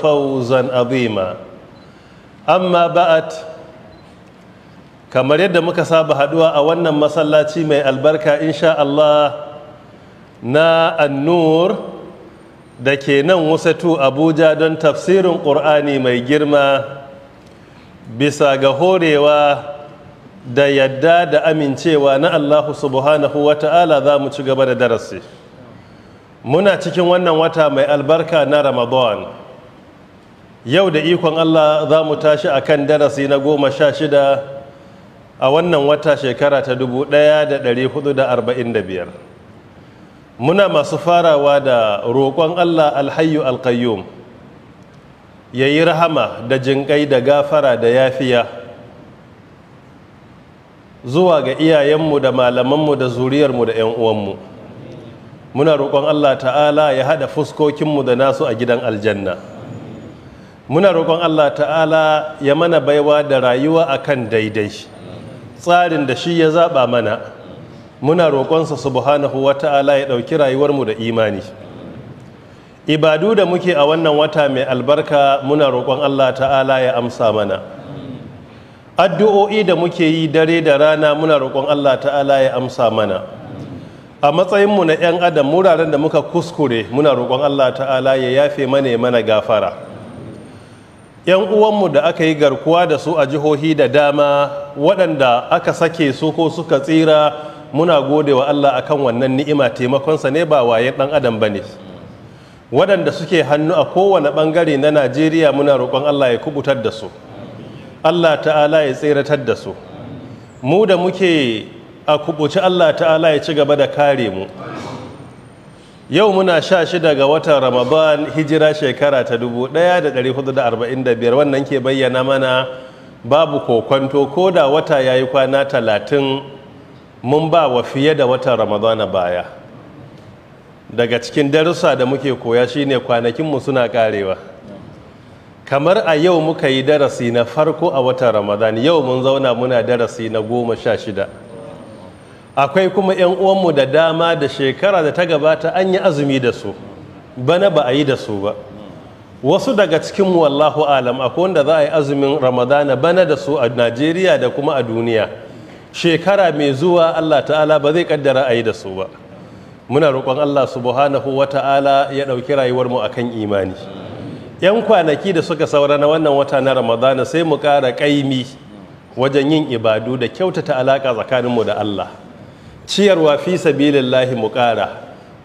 فوزا عظيما amma بعد kamar yadda muka saba haduwa a wannan masallaci mai albarka insha Allah na annur da ke nan wasatu abuja don tafsirin ƙur'ani mai girma bisa ga horewa da yadda da amincewa na allahu subhanahu wa ta'ala za mu ci gaba da darasi muna cikin wannan wata mai albarka na ramadan yau da ikon Allah za mu tashi a kan darasi na goma sha shida a wannan wata shekara ta dubu ɗaya da ɗari hudu da arba'in da biyar muna masu farawa da roƙon Allah alhayu alkayyum ya yi rahama da jinƙai da gafara da yafiya zuwa ga iyayenmu da malamanmu da zuriyarmu da 'yan uwanmu muna roƙon Allah ta'ala ya haɗa fuskokinmu da nasu a gidan aljanna muna roƙon Allah ta'ala ya mana baiwa da rayuwa a kan daidai tsarin da shi ya zaɓa mana muna roƙonsa subhanahu wa ta'ala ya ɗauki rayuwarmu da imani ibadu da muke a wannan wata mai albarka muna roƙon Allah ta'ala ya amsa mana addu'o'i da muke yi dare da rana muna roƙon Allah ta'ala ya amsa mana a matsayinmu na 'yan adam wuraren da muka kuskure muna roƙon allah ta'ala ya yafe mana mana gafara 'yan uwanmu da aka yi garkuwa da su a jihohi da dama waɗanda aka sake su ko suka tsira muna gode wa Allah akan wannan ni'ima taimakonsa ne ba waye ɗan adam ba ne waɗanda suke hannu a kowane ɓangare na najeriya muna roƙon Allah ya kubutar da su Allah ta'ala ya tseratar da su mu da muke a kubuci Allah ta'ala ya ci gaba da kare mu yau muna sha shida ga watan ramadan hijira shekara ta 1445 wannan ke bayyana mana babu kokwanto ko da wata ya yi kwana talatin mun ba wa fiye da watan ramadana baya daga cikin darussa da muke koya shine kwanakinmu suna karewa kamar a yau muka yi darasi na farko a watan ramadan yau mun zauna muna darasi na goma sha shida akwai kuma 'yan uwanmu da dama da shekara da ta gabata an yi azumi da su bana ba a yi da su ba wasu daga cikin wallahu alam akwai wanda za a yi azumin ramadana bana da su a najeriya da kuma a duniya shekara mai zuwa allah ta'ala ba zai kaddara a yi da su ba muna roƙon allah subhanahu wa ta'ala ya ɗauki rayuwarmu a kan imani 'yan kwanaki da suka saura na wannan wata na ramadana sai mu ƙara ƙaimi wajen yin ibadu da kyautata alaƙa tsakaninmu da allah ciyarwa fi sabilillahi mu ƙara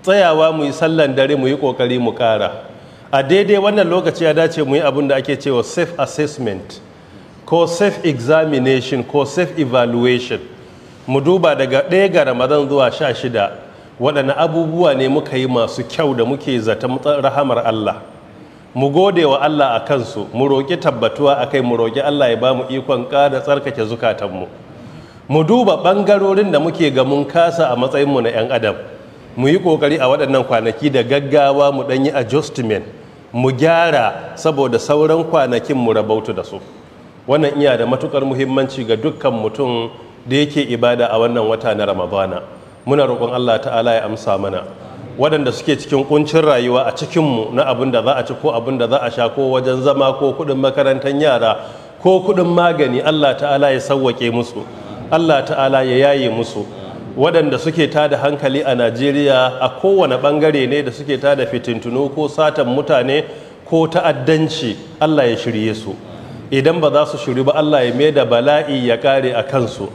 tsayawa mu yi sallan dare mu yi ƙoƙari mu ƙara a daidai wannan lokaci ya dace mu yi abin da ake cewa safe assessment ko safe examination ko safe evaluation mu duba daga ɗaya ga ramadan zuwa sha shida waɗanne abubuwa ne muka yi masu kyau da muke zata rahamar allah mu gode wa allah a kansu mu roƙi tabbatuwa a kai mu roƙi allah ya ba mu ikon ƙara tsarkake zukatanmu mu duba ɓangarorin da muke ga mun kasa a matsayinmu na 'yan adam mu yi ƙoƙari a waɗannan kwanaki da gaggawa mu ɗan yi adjustment mu gyara saboda sauran kwanakin mu rabautu da su wannan iya da matukar muhimmanci ga dukkan mutum da yake ibada a wannan wata na ramadana muna roƙon allah ta'ala ya amsa mana waɗanda suke cikin ƙuncin rayuwa a cikinmu na abin da za a ci ko abin da za a sha ko wajen zama ko kuɗin makarantar yara ko kuɗin magani allah ta'ala ya sauwake musu Allah ta'ala ya yaye musu waɗanda suke tada hankali a Najeriya a kowane ɓangare ne da suke tada fitintunu ko satan mutane ko ta'addanci Allah ya shirye su idan ba za su shiri ba Allah ya mai da bala'i ya kare a kansu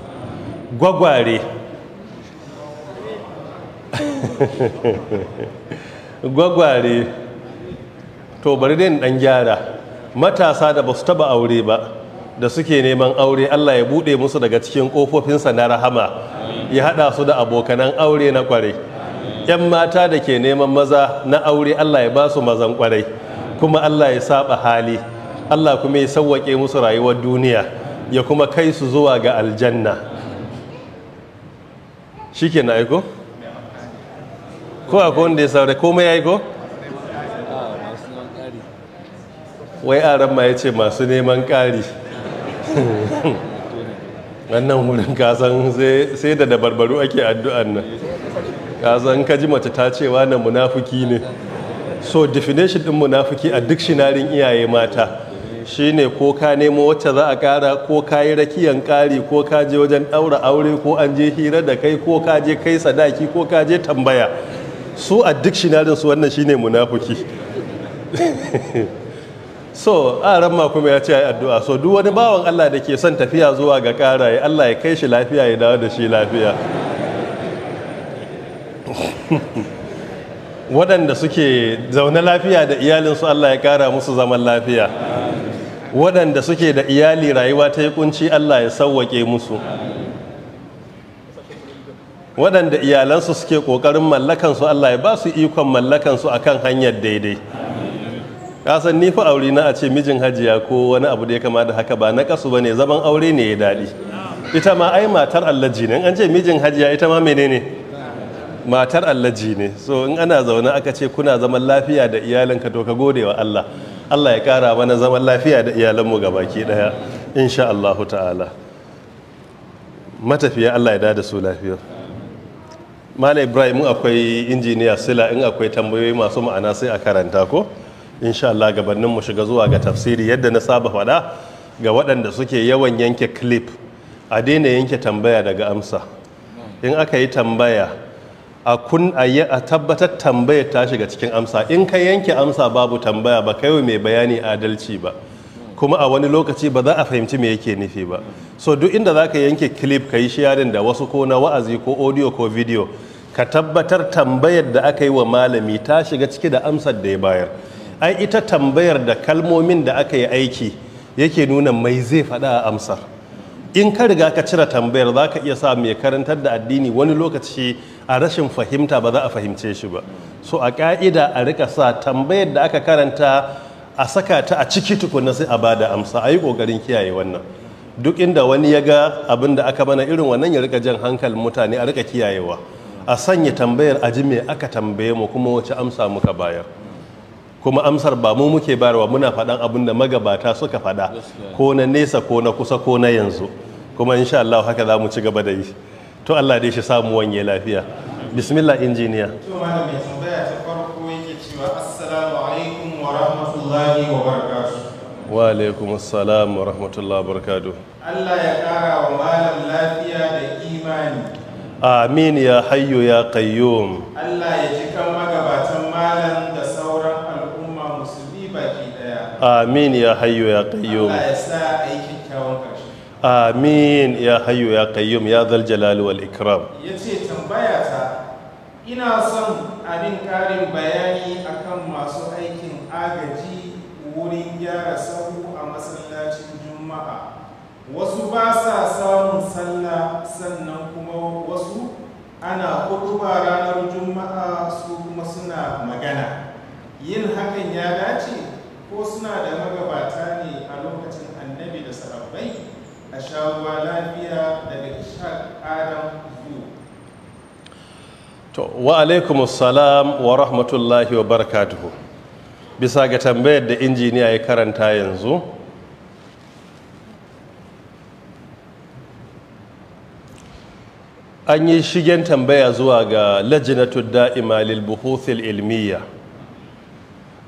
gwagware gwagware to bari dai ɗan gyara matasa da ba su taba aure ba da suke neman aure Allah ya buɗe musu daga cikin kofofinsa na rahama ya haɗa su da abokanan aure na ƙwarai 'yan mata da ke neman maza na aure Allah ya ba su mazan ƙwarai kuma Allah ya saba hali Allah kuma ya sawwake musu rayuwar duniya ya kuma kai su zuwa ga aljanna shi ke na aiko? ko akwai da ya saurari komai ya aiko? wai aran ma ya ce masu neman ƙari wannan wurin kasan sai da dabarbaru ake addu'an nan kasan kaji mace ta cewa na munafuki ne so definition din munafuki a duk shinarin iyaye mata shine ko ka nemo wacce za a kara ko ka yi rakiyan kari ko ka je wajen daura aure ko an je hira da kai ko ka je kai sadaki ko ka je tambaya su a duk shinarin su wannan shine munafuki so ran ma kuma ya ce ai addu'a so duk wani bawan Allah da ke son tafiya zuwa ga karaye Allah ya kai shi lafiya ya dawo da shi lafiya waɗanda suke zaune lafiya da iyalinsu Allah ya kara musu zaman lafiya waɗanda suke da iyali rayuwa ta yi kunci Allah ya sauwaƙe musu waɗanda iyalansu suke ƙoƙarin mallakansu Allah ya ba su ikon mallakansu akan hanyar daidai kasan ni fa aure na a ce mijin hajiya ko wani abu da ya kama da haka ba na kasu bane zaman aure ne ya daɗi ita ma ai matar allaji ne an ce mijin hajiya ita ma menene matar allaji ne so in ana zaune aka ce kuna zaman lafiya da iyalanka to ka gode wa Allah Allah ya kara mana zaman lafiya da iyalanmu gabaki daya insha Allah ta'ala matafiya Allah ya dada su lafiya Malam Ibrahim akwai injiniya Sila in akwai tambayoyi masu ma'ana sai a karanta ko insha Allah gabanin mu shiga zuwa ga tafsiri yadda na saba faɗa ga waɗanda suke yawan yanke clip a daina yanke tambaya daga amsa in aka yi tambaya a kun a tabbatar tambayar ta shiga cikin amsa in ka yanke amsa babu tambaya ba kai mai bayani adalci ba kuma a wani lokaci ba za a fahimci me yake nufi ba so duk inda za ka yanke clip ka yi sharing da wasu ko na wa'azi ko audio ko video ka tabbatar tambayar da aka yi wa malami ta shiga ciki da amsar da ya bayar ai ita tambayar da kalmomin da aka yi aiki yake nuna mai zai faɗa a amsar in ka riga ka cire tambayar za ka iya sa mai karantar da addini wani lokaci a rashin fahimta ba za a fahimce shi ba so a ƙa'ida a rika sa tambayar da aka karanta a saka ta a ciki tukuna sai a ba da amsa a yi ƙoƙarin kiyaye wannan duk inda wani ya ga abin da aka mana irin wannan ya rika jan hankalin mutane a rika kiyayewa a sanya tambayar a ji mai aka tambaye mu kuma wace amsa muka bayar kuma amsar ba mu muke bayarwa muna faɗan abin da magabata suka faɗa ko na nesa ko na kusa ko na yanzu kuma insha Allah haka za mu ci gaba da yi to Allah dai shi samu wanye lafiya bismillah injiniya to malam mai tambaya ta farko yake cewa assalamu alaikum wa rahmatullahi wa barakatuh wa alaikum assalam wa rahmatullahi wa barakatuh Allah ya kara wa malam lafiya da imani amin ya hayyu ya qayyum Allah ya cika magabatan malam amin ya hayyu ya qayyum amin ya hayyu ya qayyum ya zal wal ikram yace tambaya ta ina son abin karin bayani akan masu aikin agaji wurin gyara sahu a masallacin juma'a wasu ba sa samun sallah sannan kuma wasu ana hutuba ranar juma'a su kuma suna magana yin hakan ya dace ko suna da magabata ne a lokacin annabi da sahabbai a shawuwa lafiya daga ishaq adam biyu to wa alaikum salam wa rahmatullahi wa barakatuhu bisa ga tambayar da injiniya ya karanta yanzu an yi shigen tambaya zuwa ga lajinatu da'ima lil buhuthil ilmiya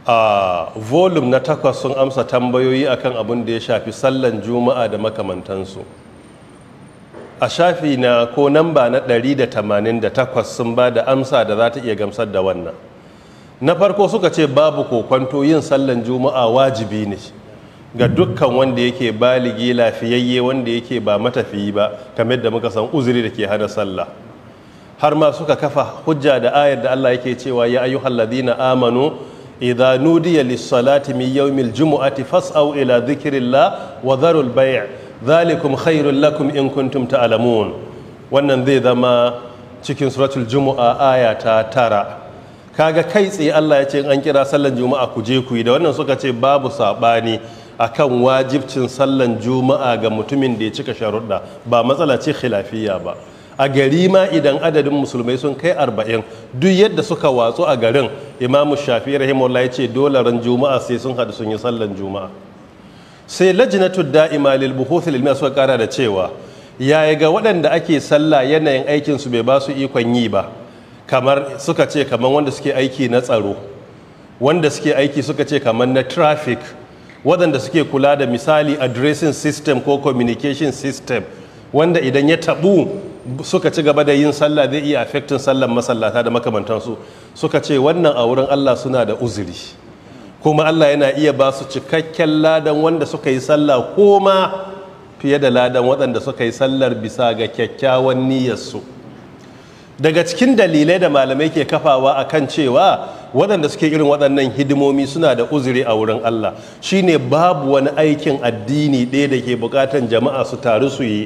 a volume na takwas sun amsa tambayoyi akan abin da ya shafi sallan juma'a da makamantansu a shafi na ko namba na 188 sun ba da amsa da za ta iya gamsar da wannan na farko suka ce babu kokwanto yin sallan juma'a wajibi ne ga dukkan wanda yake baligi lafiyayye wanda yake ba matafiyi ba kamar da muka san uzuri da ke hada sallah har ma suka kafa hujja da ayar da Allah yake cewa ya ayyuhal ladina amanu idza nudiya lis-salati min yawmil jumu'ati fas'au ila dhikrillah wa dharul bay' dhalikum khairul lakum in kuntum alamun wannan zai zama cikin suratul jumu'a aya ta tara kaga kai tsaye Allah ya ce an kira sallan juma'a ku je ku yi da wannan suka ce babu sabani akan wajibcin sallan juma'a ga mutumin da ya cika sharuɗa ba matsala ce khilafiyya ba a gari ma idan adadin musulmai sun kai arba'in duk yadda suka watsu a garin imamu shafi rahimahullah ya ce dole juma'a sai sun haɗu sun yi sallan juma'a sai lajinatu da'ima lil buhuth lil suka kara da cewa yaya ga waɗanda ake sallah yanayin aikin su bai ba su ikon yi ba kamar suka ce kamar wanda suke aiki na tsaro wanda suke aiki suka ce kamar na traffic waɗanda suke kula da misali addressing system ko communication system wanda idan ya taɓu suka ci gaba da yin sallah zai iya affecting sallan masallata da makamantansu suka ce wannan a wurin Allah suna da uzuri kuma Allah yana iya ba su cikakken ladan wanda suka yi sallah ko ma fiye da ladan waɗanda suka yi sallar bisa ga kyakkyawan niyyarsu daga cikin dalilai da malamai ke kafawa akan cewa waɗanda suke irin waɗannan hidimomi suna da uzuri a wurin Allah shine babu wani aikin addini ɗaya da ke buƙatan jama'a su taru su yi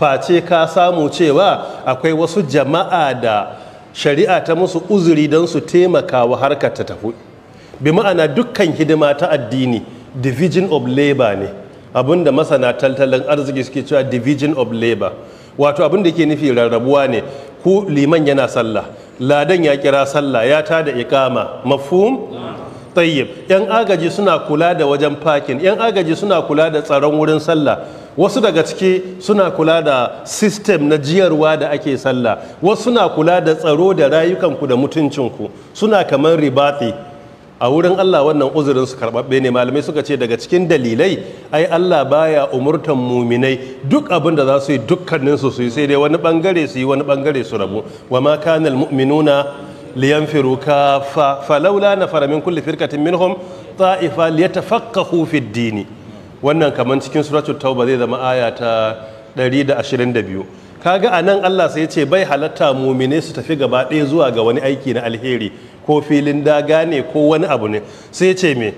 face ka samu cewa akwai wasu jama'a da shari'a ta musu uzuri don su taimaka wa harkar ta tafi bi ma'ana dukkan hidima ta addini division of labor ne abinda masana tattalin arziki suke cewa division of labor wato abin da ke nufi rarrabuwa ne ku liman yana sallah ladan ya kira sallah ya tada ikama mafhum tayyib yan agaji suna kula da wajen parking yan agaji suna kula da tsaron wurin sallah wasu daga ciki suna kula da sistem na jiyarwa da ake sallah wasu suna kula da tsaro da rayukanku da mutuncinku suna kamar ribati a wurin Allah wannan uzurin su karbabbe ne malamai suka ce daga cikin dalilai ai Allah baya umurtan muminai duk abin da za su yi dukkanin su su yi sai dai wani bangare su yi wani bangare su rabu wa ma kanal mu'minuna liyanfiru fa laula na faramin kulli firkatin minhum ta'ifa liyatafaqahu fid dini wannan kamar cikin suratul tauba zai zama aya ta 122 kaga anan Allah sai ya ce bai halatta mumine su tafi gaba ɗaya zuwa ga wani aiki na alheri ko filin daga ne ko wani abu ne sai ya ce me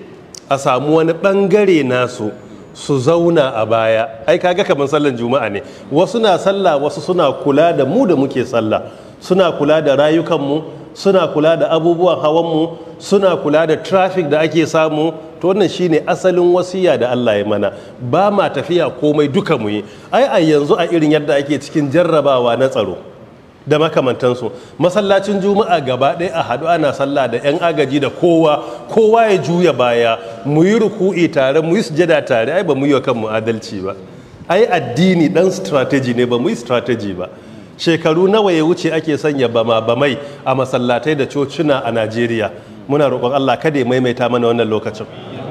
a samu wani bangare nasu su zauna a baya ai kaga kamar sallan juma'a ne wasu na sallah wasu suna kula da mu da muke sallah suna kula da rayukan mu suna kula da abubuwan hawanmu suna kula da traffic da ake samu to wannan shine asalin wasiya da Allah ya mana ba ma tafiya komai duka muyi yi ai a yanzu a irin yadda ake cikin jarrabawa na tsaro da makamantansu masallacin juma'a gaba ɗaya a haɗu ana sallah da 'yan agaji da kowa kowa ya juya baya muyi ruku'i tare muyi yi sujada tare ai ba mu wa kanmu adalci ba ai addini dan strategy ne ba mu yi strategy ba shekaru nawa ya wuce ake sanya bama-bamai a masallatai da cocina a najeriya muna roƙon allah kada ya maimaita mana wannan lokacin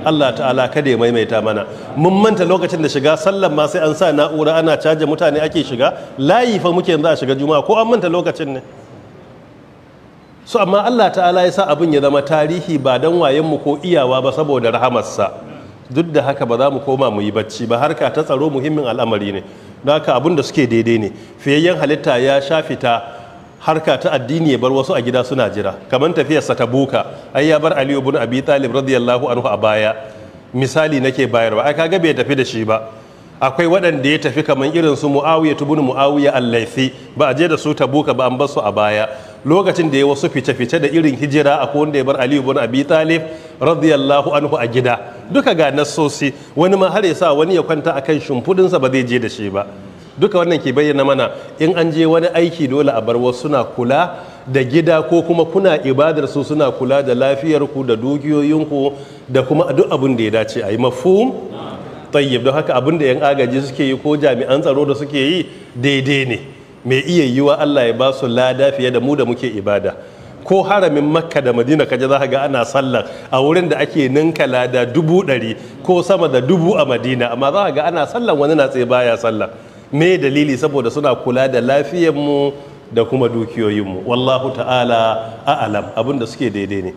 allah ta'ala kada ya maimaita mana mun manta lokacin da shiga sallan ma sai an sa na'ura ana caja mutane ake shiga layi fa muke yanzu a shiga juma'a ko an manta lokacin ne su amma allah ta'ala ya sa abin ya zama tarihi ba don wayenmu ko iyawa ba saboda rahamarsa duk da haka ba za mu koma mu yi bacci ba harka ta tsaro muhimmin al'amari ne naka haka abin da suke daidai ne fiyayyen halitta ya sha fita harka ta addini ya bar wasu a gida suna jira kamar tafiyarsa ta buka. ai ya bar aliyu bin abi talib radiyallahu anhu a baya misali nake bayarwa ai kaga bai tafi da shi ba akwai waɗanda ya tafi kamar irin su muawiya tubun muawiya al ba a je da su ta buka ba an bar su a baya lokacin da ya wasu fice-fice da irin hijira akwai wanda ya bar aliyu bin abi talib radiyallahu anhu a gida duka ga nassosi wani ma har yasa wani ya kwanta akan shimfudinsa ba zai je da shi ba duka wannan ke bayyana mana in an je wani aiki dole a bar wasu suna kula da gida ko kuma kuna ibadar su suna kula da lafiyarku da dukiyoyinku da kuma duk abin da ya dace a yi mafhum tayyib don haka abin da yan agaji suke yi ko jami'an tsaro da suke yi daidai ne mai iya yiwa Allah ya ba su lada fiye da mu da muke ibada ko haramin makka da madina kaje za ga ana sallar a wurin da ake ninkala da dubu ɗari ko sama da dubu a madina amma za ga ana sallar wani na tsaye baya sallah, me dalili saboda suna kula da lafiyarmu da kuma dukiyoyinmu wallahu ta'ala a'alam da suke daidai ne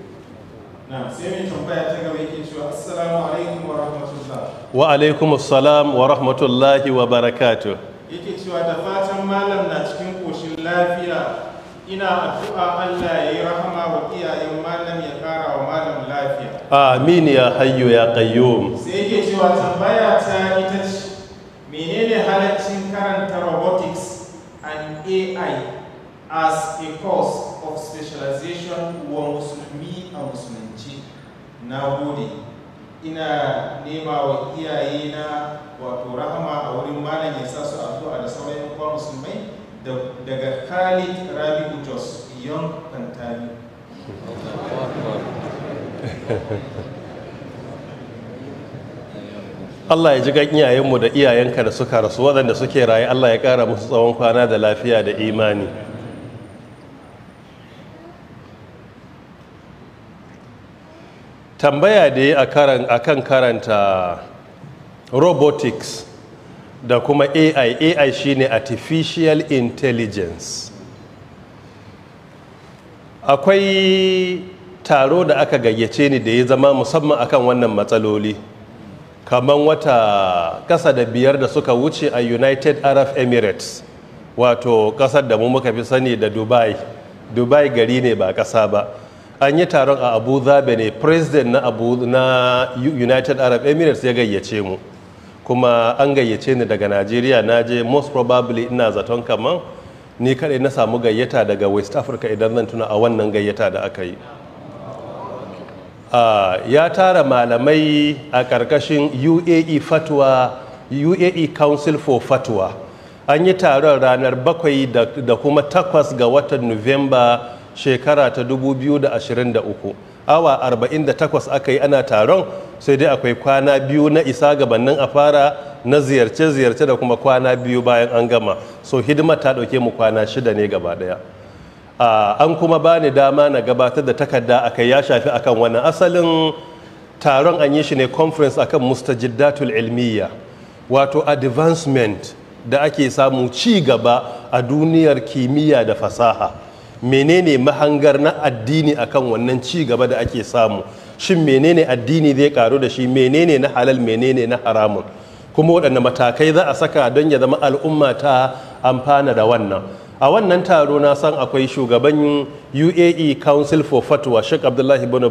wa alaikum assalam wa rahmatullahi wa barakatuh yake cewa da fatan malam na cikin koshin lafiya ina addu'a Allah ya yi rahama wa iyayen malam ya kara wa malam lafiya amin ya hayyu ya qayyum sai yake cewa tambaya ta ita ce menene halaccin karanta robotics and AI as a course of specialization wa musulmi a musulunci na gode ina nema wa iyaye wato rahama a wurin malam ya sa su addu'a da sauran musulmai daga khalid Rabi jos yon pantami Allah ya ji gan iyayenmu da iyayenka da suka rasu waɗanda suke rayu Allah ya ƙara musu tsawon kwana da lafiya da imani tambaya da ya a kan karanta robotics da kuma ai ai shine artificial intelligence akwai taro da aka gayyace ni da ya zama musamman akan wannan matsaloli kamar wata kasa da biyar da suka wuce a united arab emirates wato kasar da mu muka fi sani da dubai dubai gari ne ba kasa ba an yi taron a abu zabe ne president na na united arab emirates ya gayyace mu kuma an gayyace ni daga najeriya na je most probably ina zaton kaman ni kaɗai na samu gayyata daga west africa idan zan tuna a wannan gayyata da aka yi ya tara malamai a ƙarƙashin uae fatwa uae council for fatwa an yi taron ranar bakwai da kuma takwas ga watan nuwamba shekara ta 2023 awa 48 aka yi ana taron sai dai akwai kwana biyu na isa gabanin a fara na ziyarce-ziyarce da kuma kwana biyu bayan an gama so hidimar ta ɗauke mu kwana shida ne gaba ɗaya an kuma ba ni dama na gabatar da takarda aka ya shafi akan wani asalin taron an yi shi ne conference akan mustajiddatul ilmiya wato advancement da ake samu ci gaba a duniyar kimiyya da fasaha menene mahangar na addini akan wannan ci gaba da ake samu shin menene addini zai karu da shi menene na halal menene na haramun kuma waɗanne matakai za a saka don ya zama al'umma ta amfana da wannan a wannan taro na san akwai shugaban uae council for fatwa sheikh abdullahi bin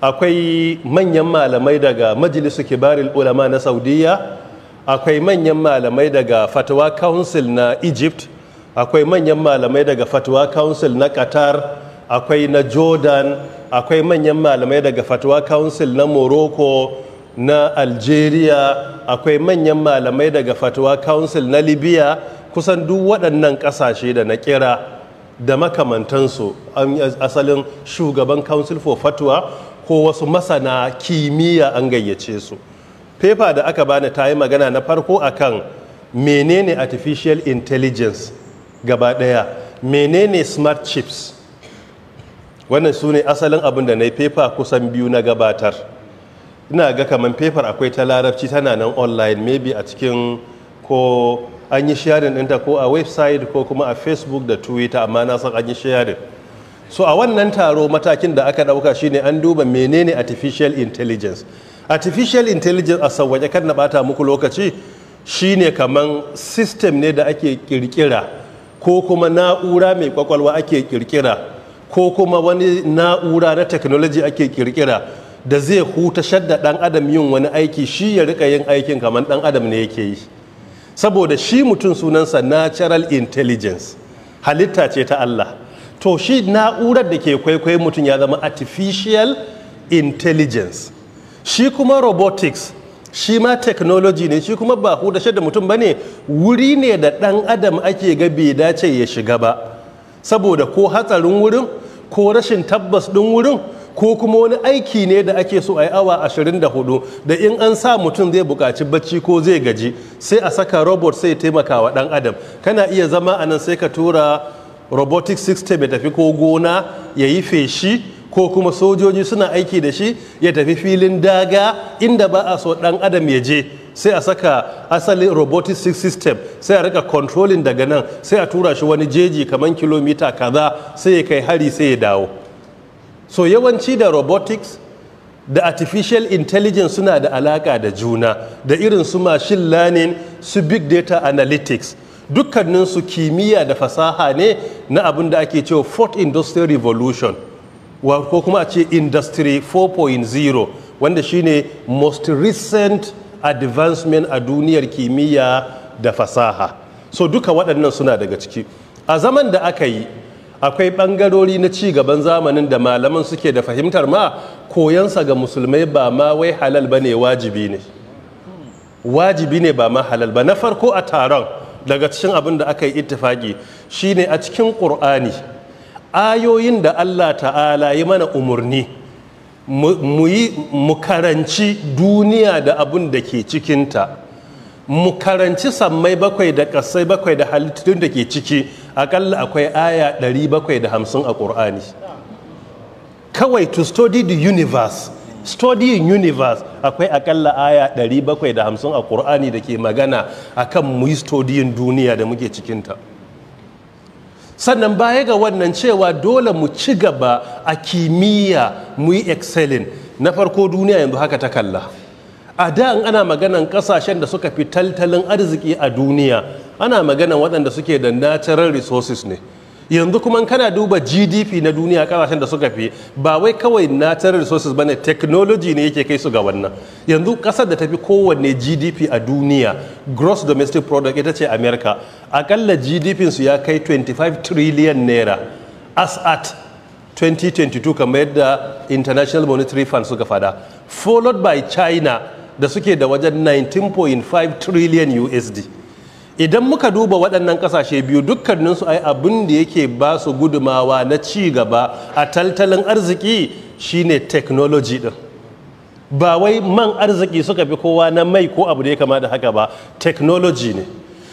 akwai manyan malamai daga majalisu kibaril ulama na saudiya akwai manyan malamai daga fatwa council na egypt akwai manyan malamai daga fatwa council na qatar akwai na jordan akwai manyan malamai daga fatwa council na morocco na algeria akwai manyan malamai daga fatwa council na libya kusan duk waɗannan ƙasashe da na kira da makamantansu asalin shugaban council for fatwa ko wasu masana kimiyya an gayyace su Fefa da aka bani ta yi magana na farko akan menene artificial intelligence gaba daya menene smart chips wannan su ne asalin abin da na yi fefa kusan biyu na gabatar ina ga kamar fefar akwai ta larabci tana nan online maybe a cikin ko an yi sharing ɗinta ko a website ko kuma a facebook da twitter amma na san an yi sharing so a wannan taro matakin da aka ɗauka shine an duba menene artificial intelligence artificial intelligence a sauwaje kan na bata muku lokaci shine kaman system ne da ake ƙirƙira. ko kuma na'ura mai kwakwalwa ake kirkira ko kuma wani na'ura na technology ake kirkira da zai huta shadda ɗan adam yin wani aiki shi ya rika yin aikin kamar ɗan adam ne yake yi saboda shi mutum sunansa natural intelligence halitta ce ta Allah to shi na'urar da ke kwaikwayo mutum ya zama artificial intelligence shi kuma robotics shi ma technology ne shi kuma ba hu da mutum bane wuri ne da ɗan adam ake ga bai dace ya shiga ba saboda ko hatsarin wurin ko rashin tabbas ɗin wurin ko kuma wani aiki ne da ake so a yi awa 24 da in an sa mutum zai buƙaci bacci ko zai gaji sai a saka robot sai taimaka wa ɗan adam kana iya zama anan sai ka tura robotic system ya tafi ko gona ya yi feshi ko kuma sojoji suna aiki da shi ya tafi filin daga inda ba a so dan adam ya je sai a saka asalin robotic system sai a rika controlling daga nan sai a tura shi wani jeji kamar kilomita kaza sai ya kai hari sai ya dawo so yawanci da robotics da artificial intelligence suna da alaka da juna da irin su machine learning su big data analytics dukkaninsu kimiyya da fasaha ne na abin da ake cewa fourth industrial revolution ko kuma a ce industry 4.0 wanda shine most recent advancement a duniyar kimiyya da fasaha so duka waɗannan suna daga ciki a zaman da aka yi akwai ɓangarori na ci gaban zamanin da malaman suke da fahimtar ma koyansa ga musulmai ba ma wai halal ba ne wajibi ne wajibi ne ba ma halal ba na farko a taron daga cikin abin da aka yi ittifaki shine a cikin ƙur'ani ayoyin da Allah ta'ala Yi mana umarni mu yi mukaranci duniya da abin da ke cikinta Mukaranci karanci sammai bakwai da ƙasai bakwai da halittun da ke ciki akalla akwai aya 750 a ƙur'ani kawai to study the universe studying universe akwai akalla aya 750 a ƙur'ani da ke magana akan mu yi studying duniya da muke cikinta sannan baya ga wannan cewa dole mu ci gaba a kimiyya mu yi excelling na farko duniya yanzu haka ta kalla a da ana maganan kasashen da suka fi tattalin arziki a duniya ana maganan waɗanda suke da natural resources ne yanzu kuma kana duba gdp na duniya kasashen da suka fi ba wai kawai natural resources bane technology ne yake kai su ga wannan yanzu kasar da ta fi kowanne gdp a duniya gross domestic product ita ce america akalla gdp su ya kai 25 trillion naira as at 2022 kamar yadda international monetary fund suka fada followed by china da suke da wajen 19.5 trillion usd idan muka duba waɗannan ƙasashe biyu dukkaninsu ai abin da yake ba su gudumawa na ci gaba a taltalin arziki shine technology din ba wai man arziki suka fi kowa na mai ko abu da ya kama da haka ba technology ne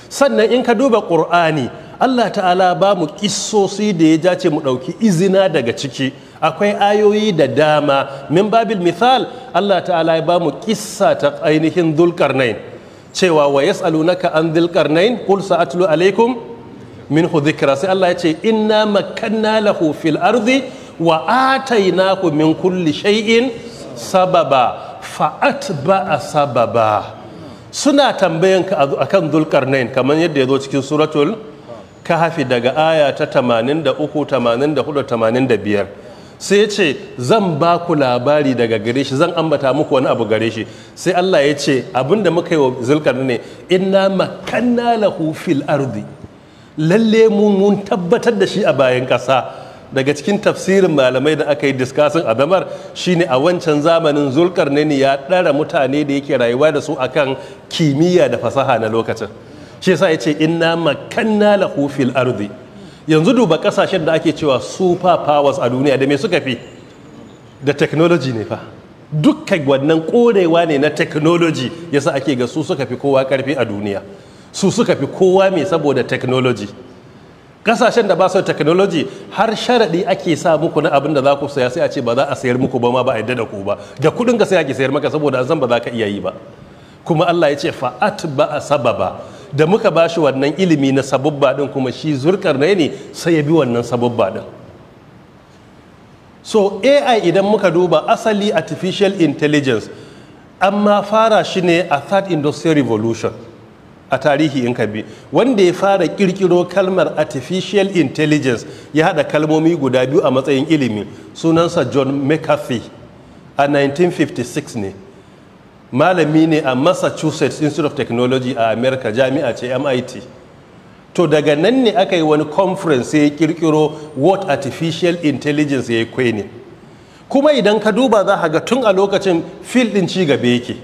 sannan in ka duba ƙur'ani allah ta'ala ba mu ƙissosi da ya jace mu ɗauki izina daga ciki akwai ayoyi da dama min babil misal allah ta'ala ya ba mu ƙissa ta ainihin zulkarnain cewa wa yas'alunaka an dhil qarnain qul sa'atlu alaikum minhu dhikra sai Allah ya ce inna makanna lahu fil ardi wa atainahu min kulli shay'in sababa a sababa suna tambayanka akan dhul qarnain kamar yadda ya zo cikin suratul kahfi daga aya ta 83 84 85 sai ya ce zan ba ku labari daga gare shi zan ambata muku wani abu gare shi sai Allah ya ce da muka yi wa zulkar ne inna makanna lahu fil ardi lalle mun tabbatar da shi a bayan kasa daga cikin tafsirin malamai da aka yi diskasin adamar shine a wancan zamanin ne ya ɗara mutane da yake rayuwa da su akan kimiyya da fasaha na lokacin shi yasa ya ce inna makanna lahu fil ardi yanzu duba kasashen da ake cewa super powers a duniya da me suka fi da technology ne fa dukkan wannan korewa ne na technology yasa ake ga su suka fi kowa karfi a duniya su suka fi kowa mai saboda technology kasashen da ba su da technology har sharadi ake sa muku na abin da za ku saya sai a ce ba za a sayar muku ba ma ba a yadda da ku ba da kudin ka sai ake sayar maka saboda an san ba za ka iya yi ba kuma Allah ya ce fa'at ba a sababa da muka ba shi wannan ilimi na sabubba din kuma shi zurkar ne sai ya bi wannan sabubba din so ai idan muka duba asali artificial intelligence ma fara shi ne a third industrial revolution a tarihi in ka bi wanda ya fara kirkiro kalmar artificial intelligence ya hada kalmomi guda biyu a matsayin ilimi sunansa john mccarthy a 1956 ne malami ne a massachusetts institute of technology a america jami'a ce mit to daga nan ne aka yi wani conference ya kirkiro what artificial intelligence ya yi kwene kuma idan ka duba za ga tun a lokacin filin ci gaba yake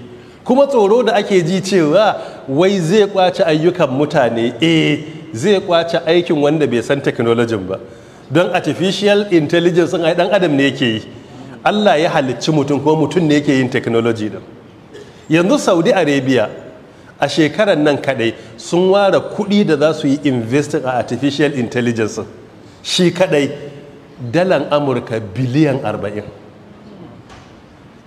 kuma tsoro da ake ji cewa wai zai kwace ayyukan mutane eh zai kwace aikin wanda bai san technology ba don artificial intelligence ɗin dan adam ne yake yi Allah ya halicci mutum kuma mutum ne yake yin technology din yanzu saudi arabia a shekarar nan kadai sun ware kudi da za su yi investing a artificial intelligence shi kadai dalan amurka biliyan 40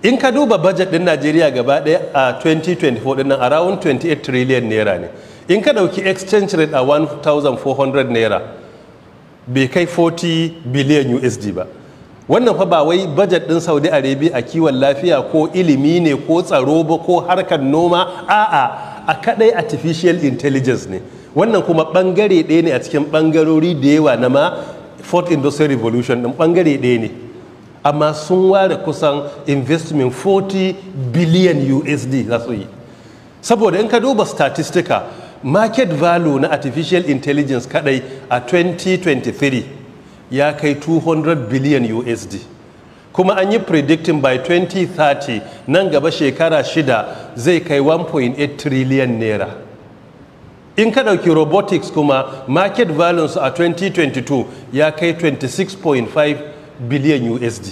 in ka duba budget din najeriya gaba daya a 2024 din nan around 28 trillion naira ne in ka dauki exchange rate a 1400 naira bai kai 40 billion usd ba wannan fa ba wai bajet din saudi arabia a kiwon lafiya ko ilimi ne ko tsaro ba ko harkar noma a'a a kadai artificial intelligence ne wannan kuma bangare ɗaya ne a cikin bangarori da yawa na ma fourth industrial revolution din bangare ɗaya ne amma sun ware kusan investment 40 billion usd za su yi saboda in ka duba statistika market value na artificial intelligence kadai a 2023 ya kai 200 billion usd kuma an yi predicting by 2030 nan gaba shekara shida zai kai 1.8 trillion naira in ka ɗauki robotics kuma market value a 2022 ya kai 26.5 billion usd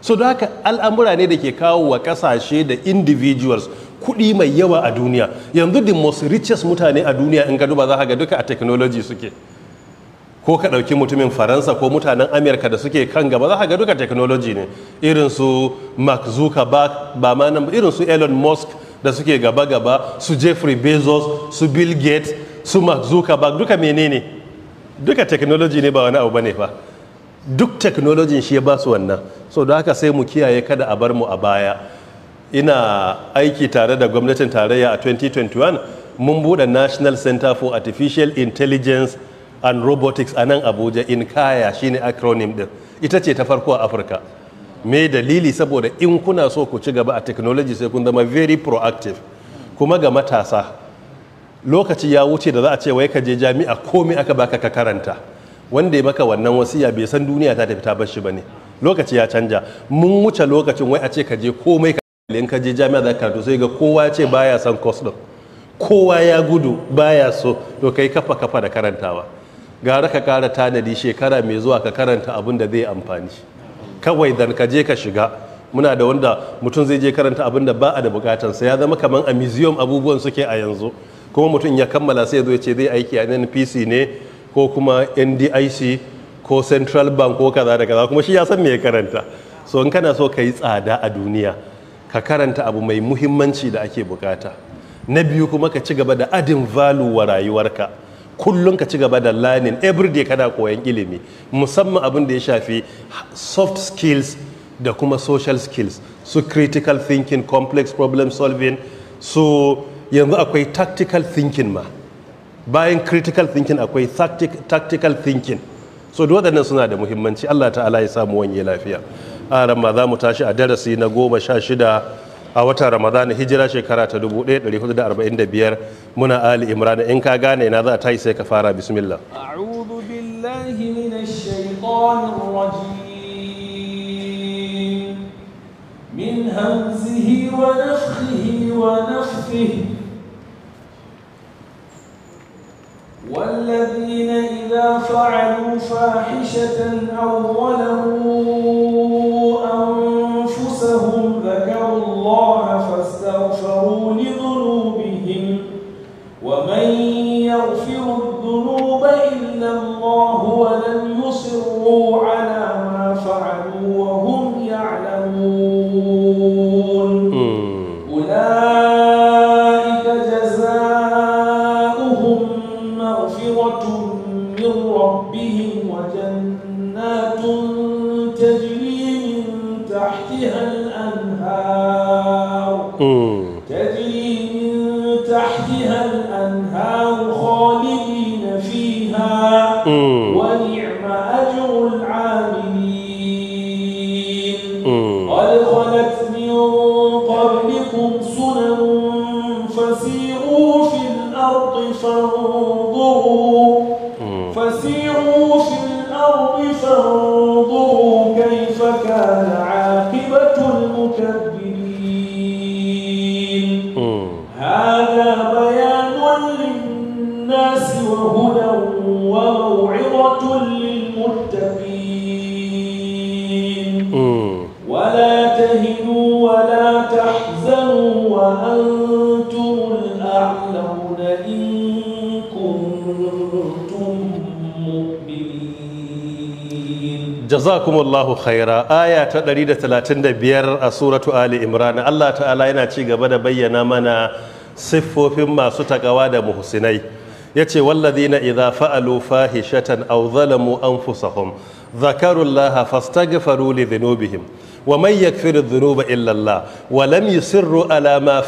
so da haka al'amura ne da ke kawo wa kasashe da individuals kuɗi mai yawa a duniya yanzu the most richest mutane a duniya in ka duba za ka ga duka a technology suke ko ka ɗauki mutumin faransa ko mutanen Amurka da suke kan gaba za ka ga duka technology ne irin su mark zuckerberg ba ma nan irin su elon musk da suke gaba gaba su jeffrey bezos su bill gates su mark zuckerberg duka menene duka technology ne ba wani abu bane fa duk technology shi ya ba su wannan so da haka sai mu kiyaye kada a bar mu a baya ina aiki tare da gwamnatin tarayya a 2021 mun buɗe national center for artificial intelligence and robotics a nan abuja in kaya shine acronym din ita ce ta farko a afirka me dalili saboda in kuna so ku ci gaba a technology sai kun zama very proactive kuma ga matasa lokaci ya wuce da za a ce wai ka je jami'a komai aka baka ka karanta wanda ya maka wannan wasiya bai san duniya ta tafi ta bar shi bane lokaci ya canja mun wuce lokacin wai a ce ka je komai ka in ka je jami'a za ka karatu sai ga kowa ce baya son course din kowa ya gudu baya so to kai kafa kafa da karantawa gara ka kara tanadi shekara mai zuwa ka karanta abin da zai amfani kawai dan ka je ka shiga muna da wanda mutum zai je karanta abin da ba a da bukatansa ya zama kamar a museum abubuwan suke a yanzu kuma mutum ya kammala sai zo ce zai aiki a npc ne ko kuma ndic ko central bank ko kaza da kaza kuma shi ya san me ya karanta so in kana so ka yi tsada a duniya ka karanta abu mai muhimmanci da ake bukata na biyu kuma ka ci gaba da adin value wa rayuwarka kullum ka ci gaba da learning everyday kana koyon ilimi musamman abin da ya shafi soft skills da kuma social skills su so critical thinking complex problem solving so yanzu akwai tactical thinking ma bayan critical thinking akwai tactical thinking so da waɗannan suna da muhimmanci allah ta'ala ya samu wanye lafiya a ma za mu tashi a darasi na goma sha shida a watan ramadana hijira shekara ta 1445 muna ali imran in ka gane ina za ta yi sai ka fara bismillah a'udhu billahi minash shaitanir rajim min hamzihi wa nafthihi wa nafthihi والذين إذا فعلوا فاحشة أو ظلموا أنفسهم أنفسهم ذكروا الله فاستغفروا لذنوبهم ومن يغفر الذنوب إلا الله ولم يصروا على ما فعلوا وهم يعلمون أولئك جزاؤهم مغفرة من ربهم وجنة Allahu khaira aya ta 135 a suratu Ali Imran Allah ta'ala yana ci gaba da bayyana mana siffofin masu takawa da muhsinai yace wallazina idza fa'alu fahishatan aw zalamu anfusahum ذكروا الله فاستغفروا لذنوبهم ومن يكفر الذنوب إلا الله ولم يصروا على ما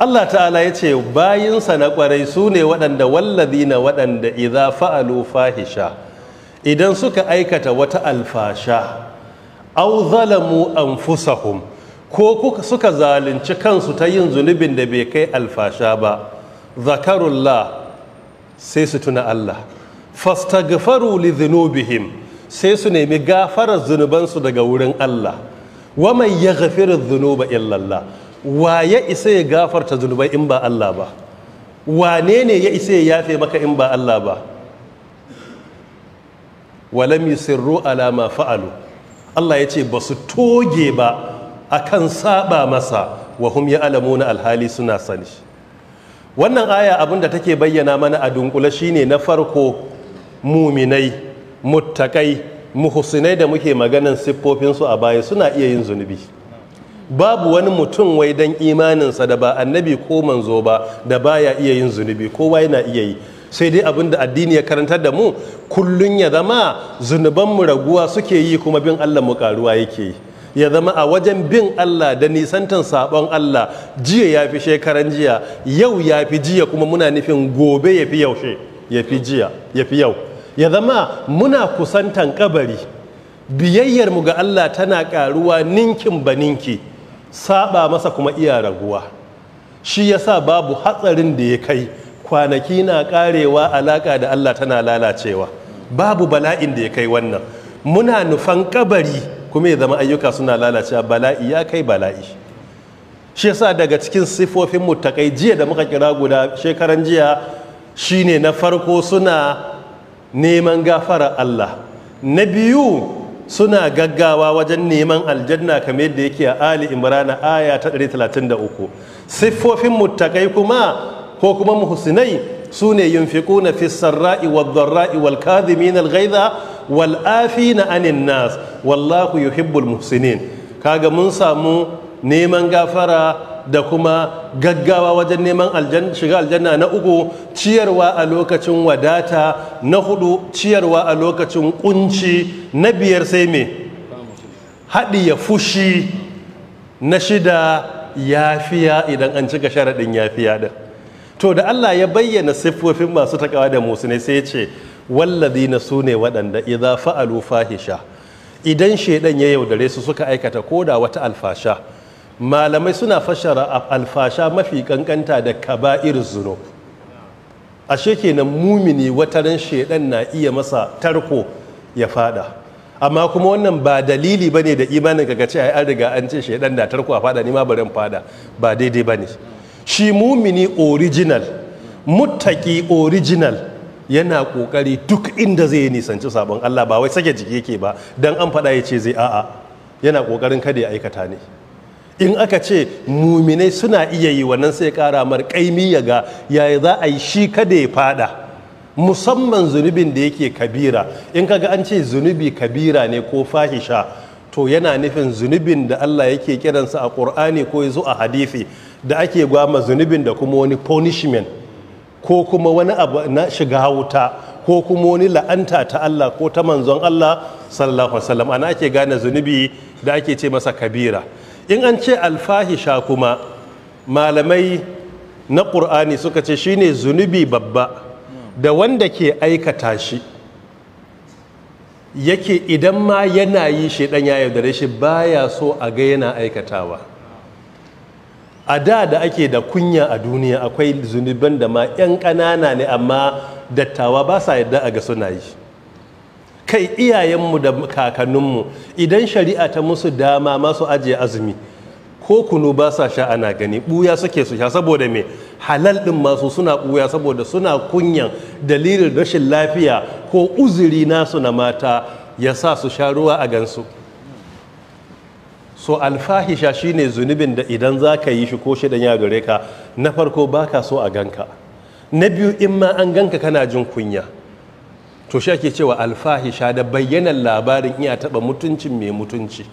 Allah ta'ala ya ce bayinsa na ƙwarai su ne waɗanda wallazina waɗanda idza fa'alu fahisha idan suka aikata wata alfasha au zalamu anfusahum ko suka zalunci kansu ta yin zunubin da bai kai alfasha ba zakarullah sai su tuna Allah fastaghfaru li dhunubihim sai su nemi gafarar zunubansu daga wurin Allah wa man yaghfiru dhunuba illa Allah wa ya isa ya gafarta zunubai in ba Allah ba wane ne ya isa ya yafe maka in ba Allah ba walam yusirru ala ma fa'alu Allah yace ce ba su toge ba akan saba masa wa hum na alhali suna sani wannan aya abinda take bayyana mana a dunkule shine na farko muminai muttakai muhusinai da muke maganan siffofinsu a baya suna iya yin zunubi babu wani mutum wai dan imaninsa da ba annabi ko manzo ba da baya iya yin zunubi kowa yana iya yi sai dai abin da addini ya karantar da mu kullun ya zama zunuban mu raguwa suke yi kuma bin Allah mu karuwa yake yi ya zama a wajen bin Allah da nisantan sabon Allah jiya ya fi shekaran jiya yau ya fi jiya kuma muna nufin gobe ya fi yaushe ya fi jiya ya fi yau ya zama muna kusantan kabari mu ga Allah tana karuwa ninkin ba ninki saba masa kuma iya raguwa shi yasa babu hatsarin da ya kai kwanaki na karewa alaka da Allah tana lalacewa babu bala'in da ya kai wannan muna nufan kabari kuma ya zama ayyuka suna lalacewa bala'i ya kai bala'i shi yasa daga cikin sifofin muttakai jiya da muka kira guda shekaran jiya shine na farko suna neman gafara Allah na biyu suna gaggawa wajen neman aljanna kamar yadda yake a Ali Imran aya ta 133 siffofin muttakai kuma ko kuma muhsinai su ne na fi sarra'i wad dharra'i wal na al ghaidha wal na anin nas wallahu yuhibbul muhsinin kaga mun samu neman gafara da kuma gaggawa wajen neman shiga aljanna na uku ciyarwa a lokacin wadata na hudu ciyarwa a lokacin kunci na biyar sai me haɗi ya fushi na shida yafiya idan an cika sharaɗin yafiya ɗin to da Allah ya bayyana siffofin masu takawa da musu ne sai ya ce na su ne waɗanda idan fa'alu fahisha idan shaidan ya yaudare su suka aikata ko da wata alfasha malamai suna fashara alfasha mafi kankanta da kaba'ir zunub ashe kenan mumini wataran shaidan na iya masa tarko ya fada amma kuma wannan ba dalili bane da imanin ga ce ai an riga an ce shaidan na tarko a fada ni ma barin fada ba daidai bane shi mumini original muttaki original yana kokari duk inda zai nisanci sabon Allah ba wai sake jiki yake ba dan an faɗa ya ce zai a'a yana kokarin kada ya aikata ne in aka ce muminai suna iya yi wannan sai kara mar kaimi ya ga yaya za a yi shi kada ya faɗa? musamman zunubin da yake kabira in kaga an ce zunubi kabira ne ko fahisha to yana nufin zunubin da Allah yake kiransa a ƙur'ani ko yanzu a hadithi da ake gwama zunubin da kuma wani punishment ko kuma wani abu na shiga wuta ko kuma wani la'anta ta Allah ko ta manzon Allah sallallahu alaihi wasallam ana ake gane zunubi da ake ce masa kabira in an ce alfahisha kuma malamai na ƙur'ani suka ce shine zunubi babba da wanda ke aikata shi yake idan ma yana yi shaidan ya yaudare shi baya so a ga yana aikatawa a da da ake da kunya a duniya akwai zunuban da ma 'yan ƙanana ne amma dattawa ba sa yadda a ga suna yi kai iyayenmu da kakanninmu idan shari'a ta musu dama masu ajiye azumi ko kunu ba sa sha ana gani buya suke su sha saboda me halal din masu suna buya saboda suna kunyan dalilin rashin lafiya ko uzuri nasu na mata ya sa su sha ruwa a gansu so alfahisha shine zunubin da idan za ka yi shi ko shidan ya gare ka na farko ba ka so a ganka na biyu in ma an ganka kana jin kunya to shi ake cewa alfahisha da bayyanan labarin iya taɓa mutuncin mai mutunci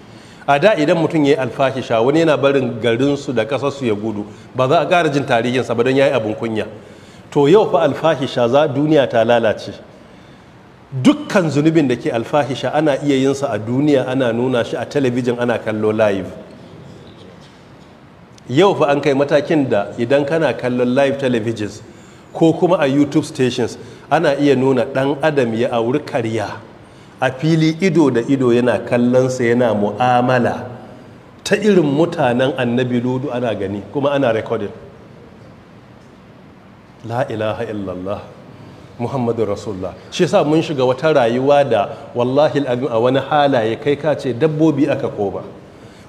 a da idan mutum ya yi alfahisha wani yana barin garinsu da ƙasarsu ya gudu ba za a ƙara jin tarihinsa ba don ya yi abin kunya to yau fa alfahisha za duniya ta lalace dukkan zunubin da ke alfahisha ana iya yinsa a duniya ana nuna shi a talabijin ana kallo live yau fa an kai matakin da idan kana kallon live televisions ko kuma a youtube stations ana iya nuna ɗan adam ya auri karya a fili ido da ido yana kallonsa yana mu'amala ta irin mutanen annabi ludu ana gani kuma ana rekodin la ilaha illallah muhammadu rasulullah shi sa mun shiga wata rayuwa da wallahi al'adun a wani halaye kai ka ce dabbobi aka koba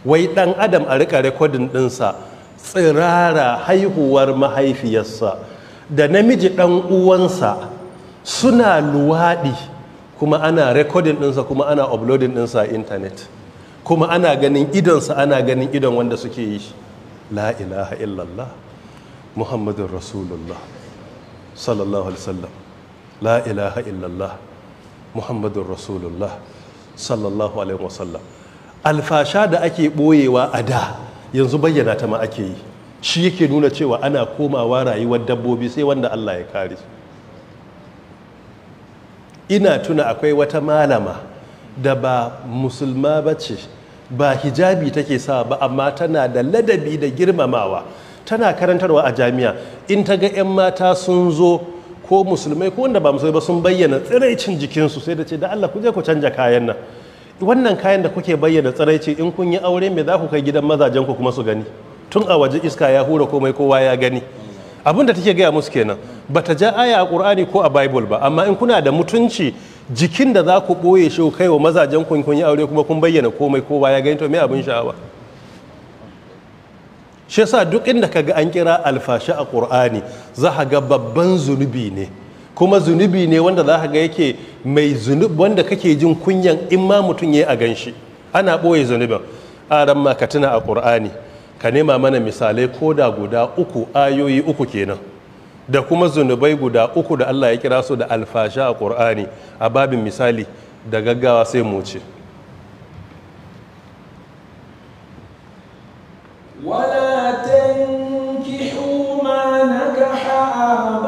wai dan adam a rika rekodin dinsa tsirara haihuwar mahaifiyarsa da namiji dan uwansa suna luwaɗi kuma ana rekodin dinsa kuma ana uploading dinsa a intanet kuma ana ganin idonsa ana ganin idon wanda suke yi la ilaha illallah muhammadun rasulullah sallallahu alaihi wasallam la ilaha illallah muhammadun rasulullah sallallahu alaihi wasallam alfasha da ake ɓoyewa a da yanzu bayyana ta ma ake yi shi yake nuna cewa ana komawa rayuwar dabbobi sai wanda allah ya kare su ina tuna akwai wata malama da ba musulma ba ce ba hijabi take sa ba amma tana da ladabi da girmamawa tana karantarwa a jami'a in ta ga 'yan mata sun zo ko musulmai ko wanda ba musulmai ba sun bayyana tsiraicin jikinsu sai da ce da Allah ku je ku canja kayan nan wannan kayan da kuke bayyana tsiraici in kun yi aure me za ku kai gidan mazajen ku kuma su gani tun a waje iska ya hura komai kowa ya gani abin da take gaya musu kenan ba ta ja aya a ƙur'ani ko a bible ba amma in kuna da mutunci jikin da za ku ɓoye shi ku kai wa mazajen kun yi aure kuma kun bayyana komai kowa ya gani to me abin sha'awa shi yasa duk inda ka ga an kira alfashi a ƙur'ani za ka ga babban zunubi ne kuma zunubi ne wanda za ka ga yake mai zunub wanda kake jin kunyan in ma mutum ya yi a ganshi ana ɓoye zunubin a ran ma ka a ƙur'ani ka nema mana misalai ko da guda uku ayoyi uku kenan da kuma zunubai guda uku da Allah ya kira su da alfasha a ƙur'ani a babin misali da gaggawa sai mu ce wala tankihu ma nakaha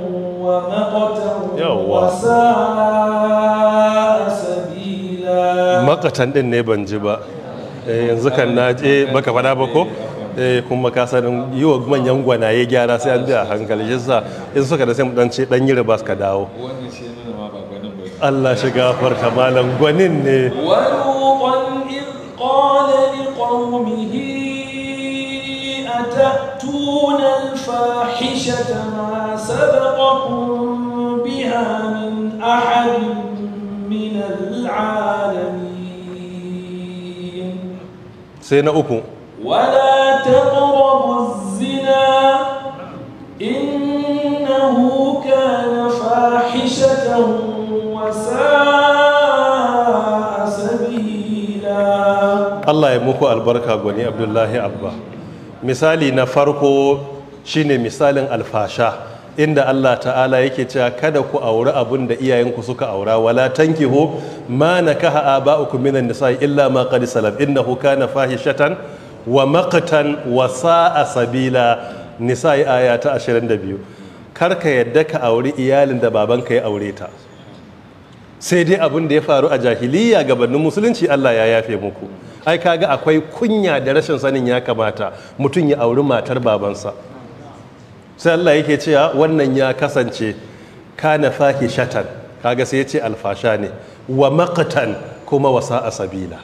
makatan din ne ban ji ba yanzu kan na je baka fada ba ko kuma ka sanin yi wa manyan gwanaye gyara sai an biya hankali yasa in suka da sai mu dan ce dan yi ribas suka dawo Allah shi gafarta malam gwanin ne wani الفاحشة ما سبقكم بها من أحد من العالمين سينا أكو ولا تقربوا الزنا إنه كان فاحشة وساء سبيلا الله يمكو البركة غني عبد الله أبا misali na farko shine misalin alfasha inda Allah ta'ala yake cewa kada ku auri abun da iyayenku suka aura wala tankihu ma nakaha aba'ukum minan nisa'i illa ma qad salaf innahu kana fahishatan wa maqtan wa sa'a sabila nisa'i aya ta 22 karka yadda ka auri iyalin da babanka ya aure ta sai dai abin da ya faru a jahiliya gabanin musulunci Allah ya yafe muku ai kaga akwai kunya da rashin sanin ya kamata mutum ya auri matar babansa sai Allah yake cewa wannan ya kasance kana fahishatan kaga sai ya ce alfasha ne wa makatan kuma wasa a sabila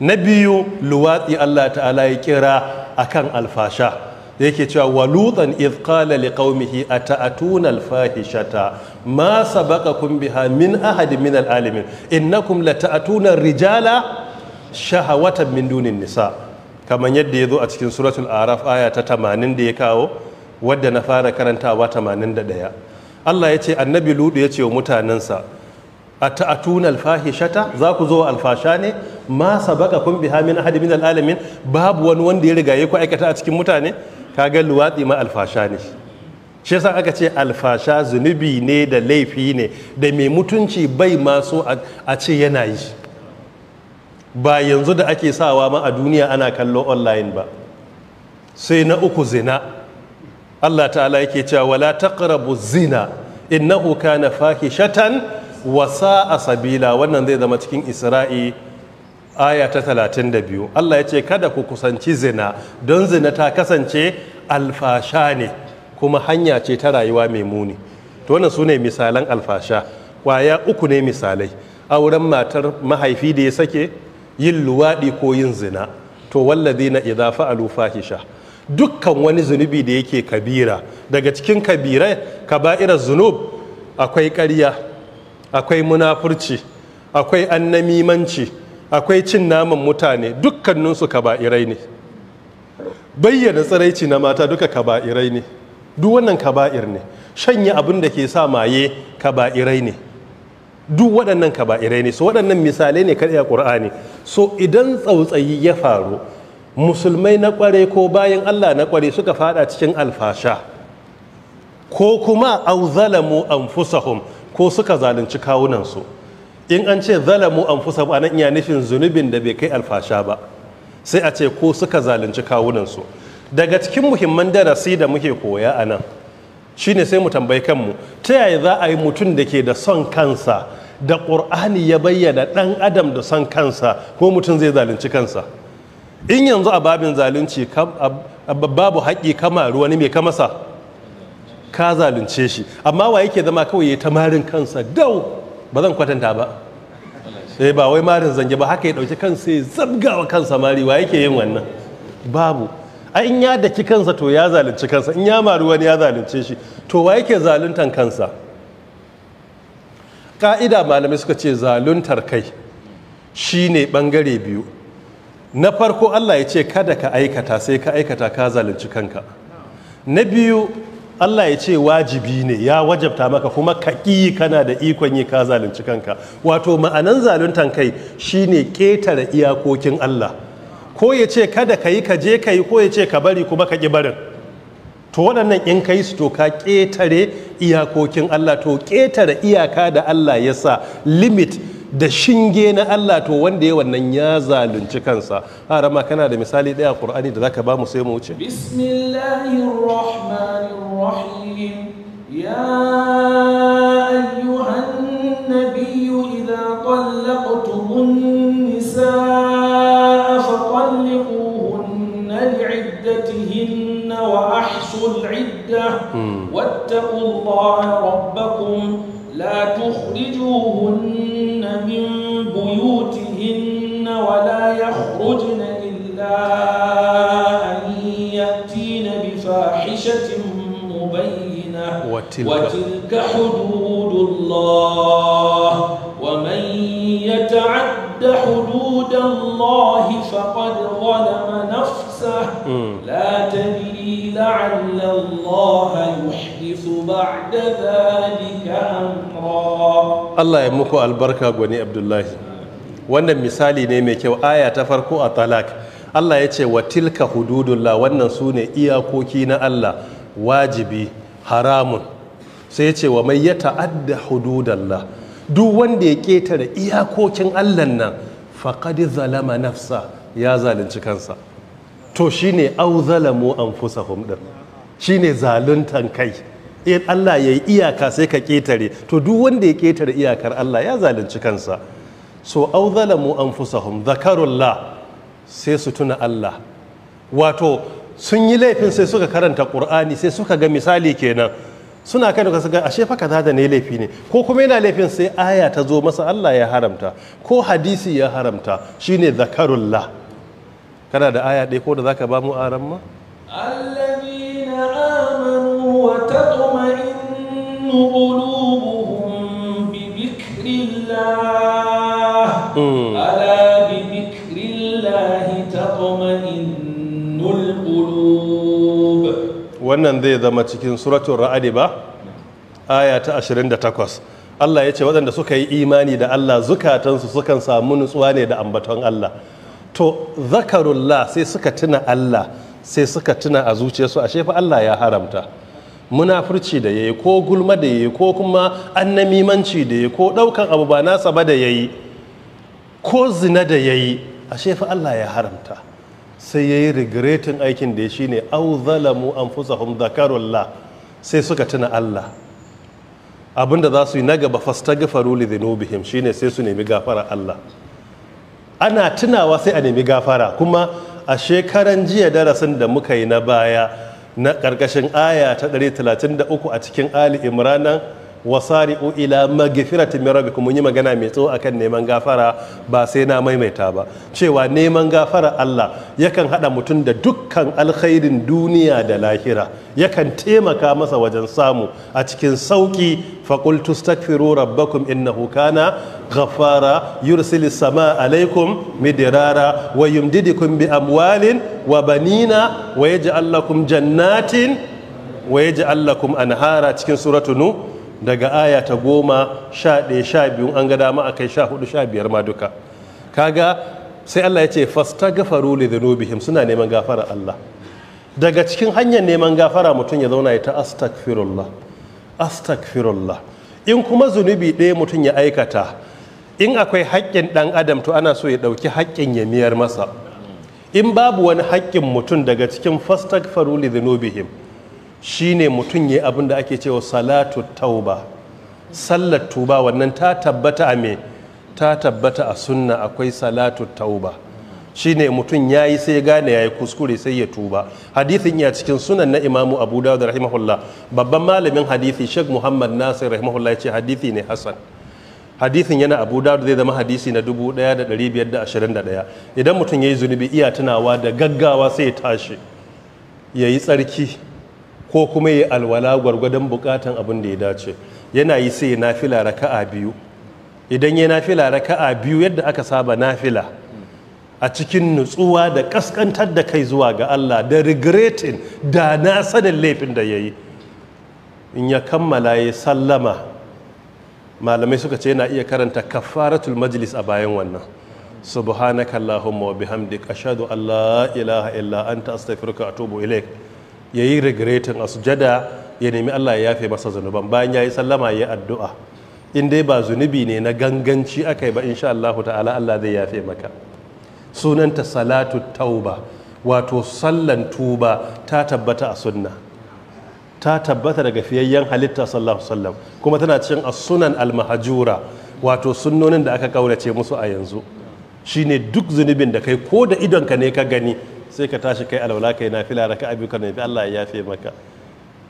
na biyu luwatsi Allah ta'ala ya kira akan alfasha yake cewa walutan iz qala liqaumihi ata'atuna alfahishata ma sabaqakum biha min ahadin min alalamin innakum lata'atuna rijala shahawatan min dunin nisa kamar yadda ya zo a cikin suratul araf aya ta 80 da ya kawo wadda na fara karantawa 81 Allah ya ce annabi ludu ya ce wa mutanensa a ta'atun alfahishata za ku zo alfasha ne ma sabaka kun biha min ahad min alalamin babu wani wanda ya riga ya ku aikata a cikin mutane Ka ga luwatsi ma alfasha ne shi yasa aka ce alfasha zunubi ne da laifi ne da mai mutunci bai maso a ce yana yi ba yanzu da ake sawa ma a duniya ana kallo online ba sai na uku zina Allah ta'ala yake cewa wala taqrabu zina innahu kana fahishatan wa sa'a sabila wannan zai zama cikin Isra'i aya ta 32 Allah ya ce kada ku kusanci zina don zina ta kasance alfasha ne kuma hanya ce ta rayuwa mai muni to wannan sune misalan alfasha kwaya uku ne misalai auren matar mahaifi da ya sake yin luwadi ko yin zina to wallazina idza fa'alu fahisha dukkan wani zunubi da yake kabira daga cikin kabirai kaba'irar zunub akwai karya, akwai munafurci akwai annamimanci akwai cin naman mutane dukkaninsu kaba'irai ne bayyana tsiraici na mata duka kaba'irai ne duk wannan kaba'ir ne shanye abin da ke sa maye kaba'irai ne duk waɗannan kaba'irai ne so waɗannan misalai ne kaɗai a ƙur'ani so idan tsautsayi ya faru musulmai na kware ko bayan Allah na kware suka fada cikin alfasha ko kuma au zalamu anfusahum ko suka zalunci kawunansu in an ce zalamu anfusahum anan iya nufin zunubin da bai kai alfasha ba sai a ce ko suka zalunci kawunansu daga cikin muhimman darasi da muke koya a nan shine sai mu tambayi kanmu ta yaya za a yi mutum da ke da son kansa da ƙur'ani ya bayyana ɗan adam da son kansa ko mutum zai zalunci kansa in yanzu a babin zalunci babu haƙƙi kama wani mai kamasa ka zalunce shi amma wa yake zama kawai ya tamarin kansa dau ba zan kwatanta ba sai eh, ba wai marin zange ba haka ya ɗauki kansa ya zabga wa kansa mari wa yake yin wannan babu a in ya daki kansa to ya zalunci kansa in ya maru wani ya zalunce shi to wa yake zaluntan kansa ka'ida malamai suka ce zaluntar kai shine bangare biyu na farko Allah ya ce kada ka aikata sai ka aikata ka zalunci kanka na biyu Allah ya ce wajibi ne ya wajabta maka kuma ka ƙi kana da ikon yi ka zalunci kanka wato ma'anan zaluntan kai shine ƙetare iyakokin Allah ko ya ce kada ka yi ka je ka yi ko ya ce ka bari kuma ka ƙi barin to waɗannan in kai su to ka ƙetare iyakokin Allah to ƙetare iyaka da Allah ya sa limit da shinge na Allah to wanda ya wannan ya zalunci kansa harama kana da misali daya Qur'ani da zaka ba mu sai mu wuce bismillahirrahmanirrahim ya ayyuhan nabiyyu idza talaqtumun nisaa fatalliquhunna li'iddatihinna wa ahsul 'iddah wattaqu rabbakum وتلك حدود الله ومن يتعد حدود الله فقد ظلم نفسه لا تدري لعل الله يحدث بعد ذلك أمرا Allah ya البركة albarka عبد Abdullahi. wannan misali ne mai kyau aya ta farko a talak Allah ya ce wa tilka hududullah wannan su ne iyakoki na Allah wajibi haramun sai ya ce wa mai ya ta'adda hududallah duk wanda ya ketare iyakokin Allah nan faqad zalama nafsa ya zalunci kansa to shine au zalamu anfusahum din shine zaluntan kai in Allah ya yi iyaka sai ka ketare to duk wanda ya ketare iyakar Allah ya zalunci kansa so au zalamu anfusahum zakarullah sai su tuna Allah wato sun yi laifin sai suka karanta Qur'ani sai suka ga misali kenan suna kai da ga ashe fa kaza da ne laifi ne ko kuma yana laifin sai aya ta zo masa Allah ya haramta ko hadisi ya haramta shine zakarullah kana da aya ɗaya ko da zaka ba mu aran ma alladhina amanu wa tatma'innu qulubuhum bi dhikrillah hmm. ala bi dhikrillah tatma'innul qulub wannan zai zama cikin suratun ra'adi ba aya ta 28 Allah ya ce waɗanda suka yi imani da Allah zukatansu sukan samu nutsuwa ne da ambaton Allah to zakarullah sai suka tuna Allah sai suka tuna a zuciyarsu ashe fa Allah ya haramta munafurci da yayi ko gulma da yayi ko kuma annamimanci da yayi ko ɗaukan abu ba nasa ba da yayi ko zina da yayi ashe fa Allah ya haramta sai ya yi regretin aikin da ya shi ne au zalamu an hun zakarullah sai suka tuna Allah abinda za su yi na gaba fasta gafaru li shi ne sai su nemi gafara Allah ana tunawa sai a nemi gafara kuma a shekaran jiya darasin da muka yi na baya na ƙarƙashin aya ta 133 a cikin ali imranan wasari'u ila magfiratin rabbikum mun yi magana mai tsawo akan neman gafara ba sai na maimaita ba cewa neman gafara Allah yakan hada mutum da dukkan alkhairin duniya da lahira yakan taimaka masa wajen samu a cikin sauki faqul tastaghfiru rabbakum innahu kana ghaffara yursilu samaa alaikum midrara wa yumdidukum bi amwalin wa banina wa yaj'al lakum jannatin wa yaj'al lakum anhara cikin suratu nuh daga aya ta goma sha ɗaya sha biyu an ga dama a kai sha hudu sha biyar ma duka kaga sai Allah ya ce fasta gafaru li dhunubihim suna neman gafara Allah daga cikin hanyar neman gafara mutum ya zauna ya ta astaghfirullah astaghfirullah in kuma zunubi ɗaya mutum ya aikata in akwai haƙƙin ɗan adam to ana so ya ɗauki haƙƙin ya miyar masa in babu wani haƙƙin mutum daga cikin fastagfaru li dhunubihim shine mutum ya abin da ake cewa salatu tauba sallar tuba wannan ta tabbata a me ta tabbata a sunna akwai salatu tauba shine mutum ya yi sai gane ya yi kuskure sai ya tuba hadithin ya cikin sunan na imamu abu dawud rahimahullah babban malamin hadithi shek muhammad nasir rahimahullah ya ce hadithi ne hasan hadithin yana abu dawud zai zama hadisi na 1521 idan mutum ya yi zunubi iya tunawa da gaggawa sai ya tashi ya yi tsarki ko kuma yi alwala gwargwadon bukatan abin da ya dace yana yi sai na nafila raka'a biyu idan ya nafila raka'a biyu yadda aka saba nafila a cikin nutsuwa da kaskantar da kai zuwa ga Allah da regretting da na sanin laifin da ya yi. in ya kammala ya sallama malamai suka ce yana iya karanta kafaratul majlis a bayan wannan subhanakallahumma wa bihamdik ashhadu an la ilaha illa anta astaghfiruka wa atubu ilaik ya yi regretin a sujada ya nemi Allah ya yafe masa zunuban bayan ya yi sallama ya addu'a in dai ba zunubi ne na ganganci aka yi ba insha Allah ta'ala Allah zai yafe maka sunanta salatu tauba wato sallan tuba ta tabbata a sunna ta tabbata daga fiyayyen halitta sallallahu sallam kuma tana cikin as-sunan al-mahjura wato sunnonin da aka kaurace musu a yanzu shine duk zunubin da kai ko da idonka ne ka gani sai ka tashi kai alwala kai nafila raka abi ka nabi Allah ya yafe maka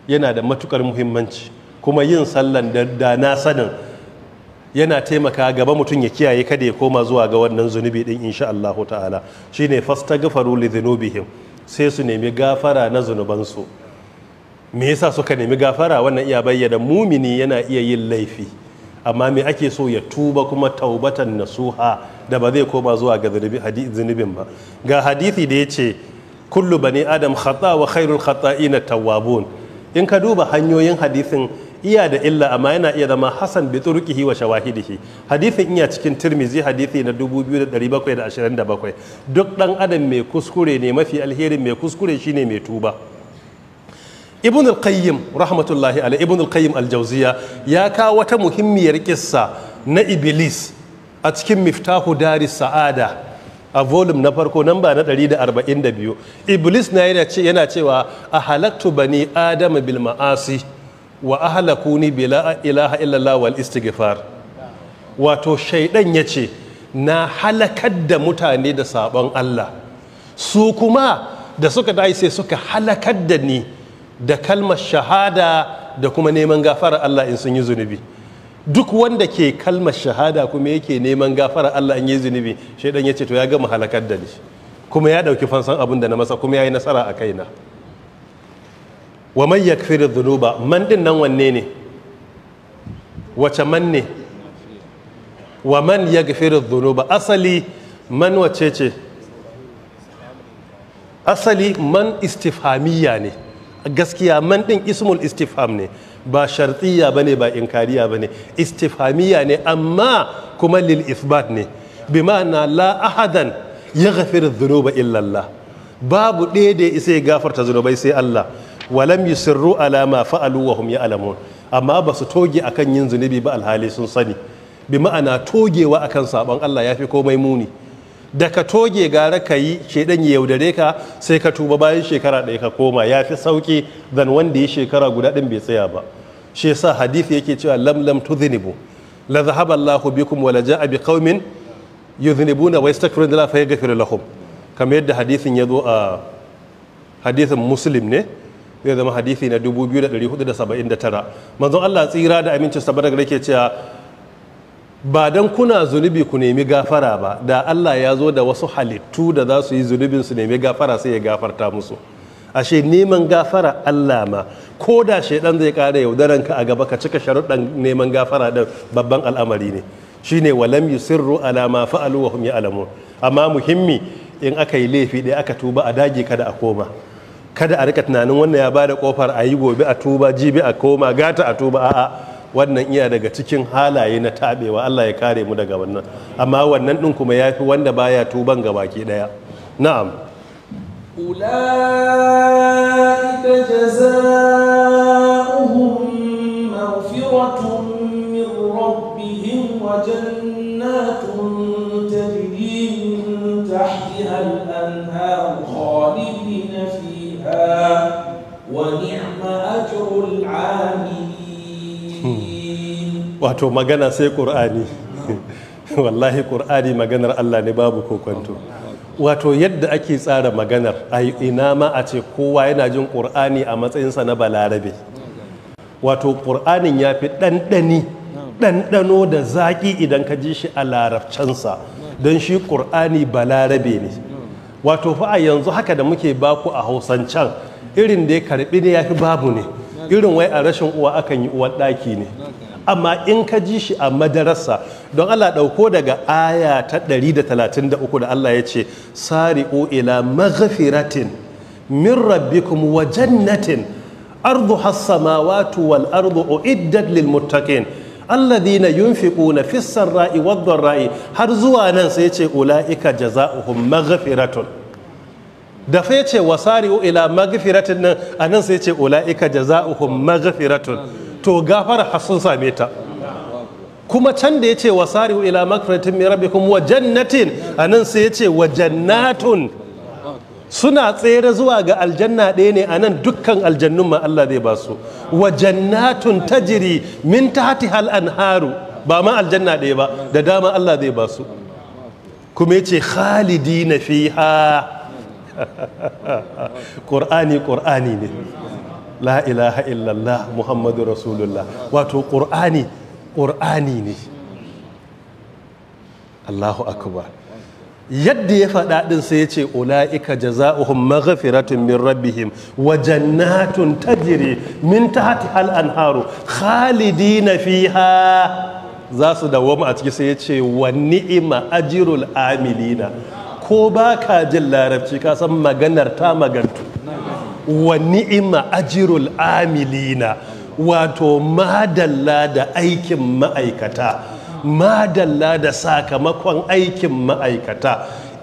yana da matukar muhimmanci kuma yin sallan da, na sanin yana taimaka gaba mutum ya kiyaye kada ya koma zuwa ga wannan zunubi din insha Allah ta'ala shine fasta li dhunubihim sai su nemi gafara na zunubansu me yasa suka nemi gafara wannan iya bayyana mumini yana iya yin laifi amma me ake so ya tuba kuma taubatan nasuha da ba zai koma zuwa ga zunubin ba ga hadithi da ya ce kullu bani adam khata wa khairul khata'ina tawwabun in ka duba hanyoyin hadithin iya da illa amma yana iya zama hasan bi turqihi wa shawahidihi hadithin iya cikin tirmizi hadithi na 2727 duk dan adam mai kuskure ne mafi alherin mai kuskure shine mai tuba ibn al-qayyim rahmatullahi alai ibn al-qayyim al-jawziya ya kawo wata muhimmiyar kissa na iblis a cikin miftahu dari sa'ada a volume na farko nan ba na 142 iblis na yana cewa a halaktu bani adama bil ma'asi wa ahlakuni bila ilaha illallah wal istighfar wato shaidan yace na halakar da mutane da sabon Allah su kuma da suka dai sai suka halakar da ni da kalmar shahada da kuma neman gafara Allah in sun yi zunubi duk wanda ke kalmar shahada kuma yake neman gafara Allah in yi zunubi shaidan ya ce to ya gama halakar da ni kuma ya dauki fansan abin da na masa kuma ya yi nasara a na. wa man yakfiru dhunuba man din nan wanne ne wace man ne wa man yakfiru dhunuba asali man wace ce asali man istifhamiyya ne gaskiya man din ismul istifham ne ba shartiya bane ba inkariya bane istifhamiya ne amma kuma lil isbat ne bi ma'ana la ahadan yaghfiru dhunuba illa illallah. babu ɗaya da isa ya gafarta zunubai sai Allah walam yusirru alama ma fa'alu wa hum ya'lamun amma ba su toge akan yin zunubi ba alhali sun sani bi ma'ana togewa akan sabon Allah yafi komai muni da ka toge gara ka yi shedan ya yaudare ka sai ka tuba bayan shekara ɗaya ka koma ya fi sauki zan wanda ya shekara guda ɗin bai tsaya ba shi yasa hadisi yake cewa lam lam zinibu la zahaba Allahu bikum wa la ja'a bi qaumin yuzinibuna wa yastaghfiruna la fa yaghfiru lahum kamar yadda hadithin ya zo a hadisin muslim ne zai zama hadisi na 2479 manzon Allah tsira da amincin sabar da yake cewa ba don kuna zunubi ku nemi gafara ba da Allah ya zo da wasu halittu da za su yi zunubin su nemi gafara sai ya gafarta musu ashe neman gafara Allah ma ko da shaidan zai kara yaudaran ka a gaba ka cika sharuɗan neman gafara din babban al'amari ne shine walam yusirru ala ma fa'alu wa hum ya'lamun amma muhimmi in aka yi laifi ɗaya aka tuba a dage kada a koma kada a rika tunanin wannan ya ba da kofar a yi gobe a tuba jibi a koma gata a tuba a'a wannan iya daga cikin halaye na tabewa Allah ya kare mu daga wannan amma wannan din kuma yafi wanda baya tuban ga baki daya na'am ulaika jazaohum maghfiratun min rabbihim wa jannatun tajri min tahtiha al-anhar khalidina fiha wa ni'ma ajrul 'amilin wato magana sai ƙur'ani wallahi ƙur'ani maganar allah ne babu kokonto wato yadda ake tsara maganar a ina ma a ce kowa yana jin ƙur'ani a matsayinsa na balarabe wato ƙur'anin ya fi ɗanɗani ɗanɗano da zaƙi idan ka ji shi a larabcansa don shi ƙur'ani balarabe ne wato fa'a yanzu haka da muke baku a hausancan irin da ya karɓi ne ya fi babu ne irin wai a rashin uwa akan yi uwar ɗaki ne amma in ka ji shi a madarasa don Allah ɗauko daga aya ta 133 da Allah ya ce sari'u ila maghfiratin min rabbikum wa jannatin ardu hassamawatu wal ardu uiddat lil muttaqin alladhina yunfiquna fis ra'i wad ra'i har zuwa nan sai ya ce ulaika jazaohum maghfiratun da fa yace wasari'u ila maghfiratin nan anan sai ce ulaika jazaohum maghfiratun to gafara har same ta kuma can da ya ce wa sari'u ila makfaratin mai rabbi kuma wa jannatin a nan sai ya ce wa jannatun suna tsere zuwa ga aljanna ɗaya ne a nan dukkan aljannun ma Allah zai ba su wa jannatun tajiri min hal anharu ba ma aljanna ɗaya ba da dama Allah zai ba su kuma ya ce khalidina fiha qur'ani qur'ani ne la ilaha illallah muhammadu rasulullah wato ƙur'ani ƙur'ani ne allahu akbar yadda ya faɗa ɗin sai ya ce ula'ika jaza’uhun maghafiratun min rabbihim wa jannatun tajiri, min tahti hal anharu khalidina fiha za su dawoma a ciki sai ya ce wa ni'ima ajirul amilina ko ba ka jin larabci ka san maganar ta magantu wa ni'ima ajirul amilina wato madalla da aikin ma'aikata madalla da sakamakon aikin ma'aikata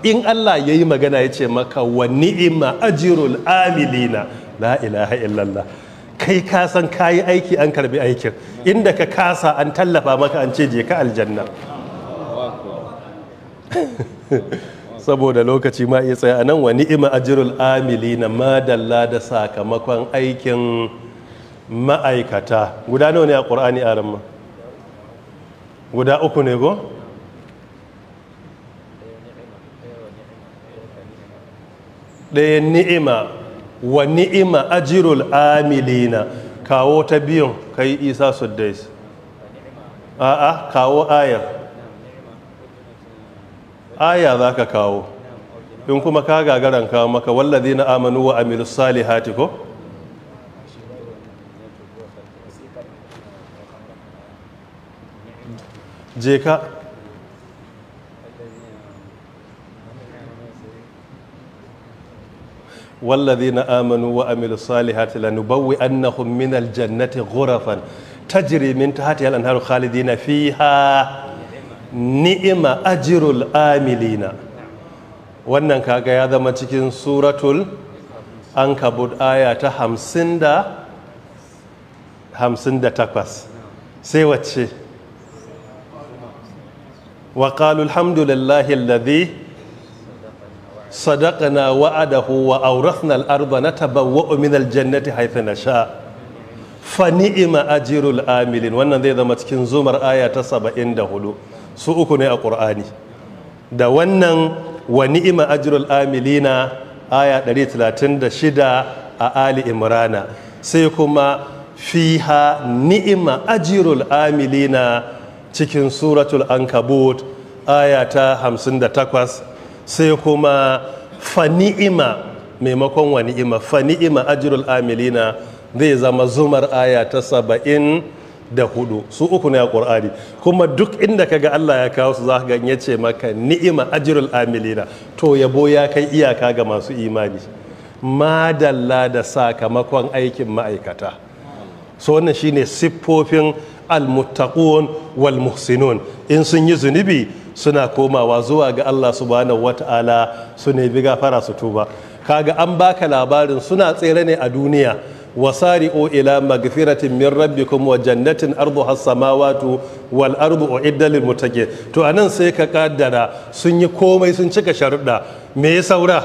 in Allah ya yi magana ya ce maka wa ni'ima ajirul amilina la ilaha illallah kai ka san kayi aiki an karbi aikin inda ka kasa an tallafa maka an ce je ka aljanna saboda lokaci ma iya tsaya nan wa ni'ima ajirul amili na madalla da sakamakon aikin ma'aikata guda nawa ne a ƙur'ani a ramma guda uku ne go ɗaya ni'ima wa ni'ima ajirul amilina kawo ta biyun kai isa suddais a'a kawo ayar aya za ka kawo in kuma ka gagaran kawo maka wallazi na amanu wa amilu salihati ko je ka wallazi na amanu wa amilu salihati lanubawwi annahun min aljannati ghurafan tajri min tahtiha al-anharu khalidina fiha ni'ima ajirul amilina wannan kaga ya zama cikin suratul an kabud aya ta hamsin da hamsin da takwas sai wacce waƙalu alhamdulillahi alladhi na wa'adahu wa awrathna arba na tabawa ominal jannati jannati na sha fa ni'ima ajirul amilin wannan zai zama cikin zumar aya ta saba'in da hudu. su uku ne a ƙur'ani da wannan wa ni'ima ajrul amilina aya 136 a ali imrana sai kuma fiha ni'ima ajrul amilina cikin suratul ankabut aya ta 58 sai kuma fa ni'ima maimakon wa ni'ima fa ni'ima ajrul amilina zai zama zumar aya ta 70 da hudu su uku ne a ƙur'ani. kuma duk inda ka ga Allah ya kawo su za ka ya ce maka ni'ima ajirul amilina to yabo ya kai iyaka ga masu imani madalla da sakamakon aikin ma'aikata so wannan shine siffofin almuttaqun wal muhsinun in sun yi zunubi suna komawa zuwa ga Allah subhanahu wata'ala su ne bi gafara su tuba kaga an baka labarin suna tsere ne a duniya wasari'u ila magfiratin min rabbikum wa jannatin arduha as-samawati wal ardu uiddat lil muttaqin to anan sai ka kaddara sun yi komai sun cika sharuɗa me ya saura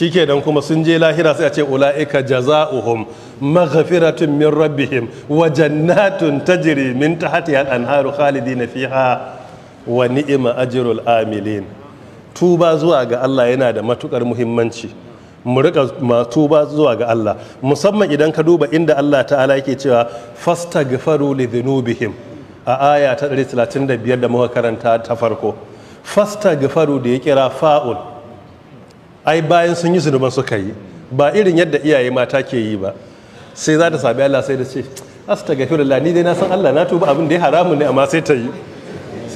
dan kuma sun je lahira sai a ce ulaika jazaohum maghfiratun min rabbihim wa jannatun tajri min tahtiha al-anharu khalidina fiha wa ni'ma ajrul amilin tuba zuwa ga Allah yana da matukar muhimmanci mu rika masu ba zuwa ga Allah musamman idan ka duba inda Allah ta'ala yake cewa Fasta li zunubihim a aya ta 135 da muka karanta ta farko fasta gafaru da ya kira fa'ul ai bayan sun yi zunuban suka yi ba irin yadda iyaye mata ke yi ba sai za ta sabi Allah sai da ce astaghfirullah ni dai na san Allah na tuba abin da ya haramu ne amma sai ta yi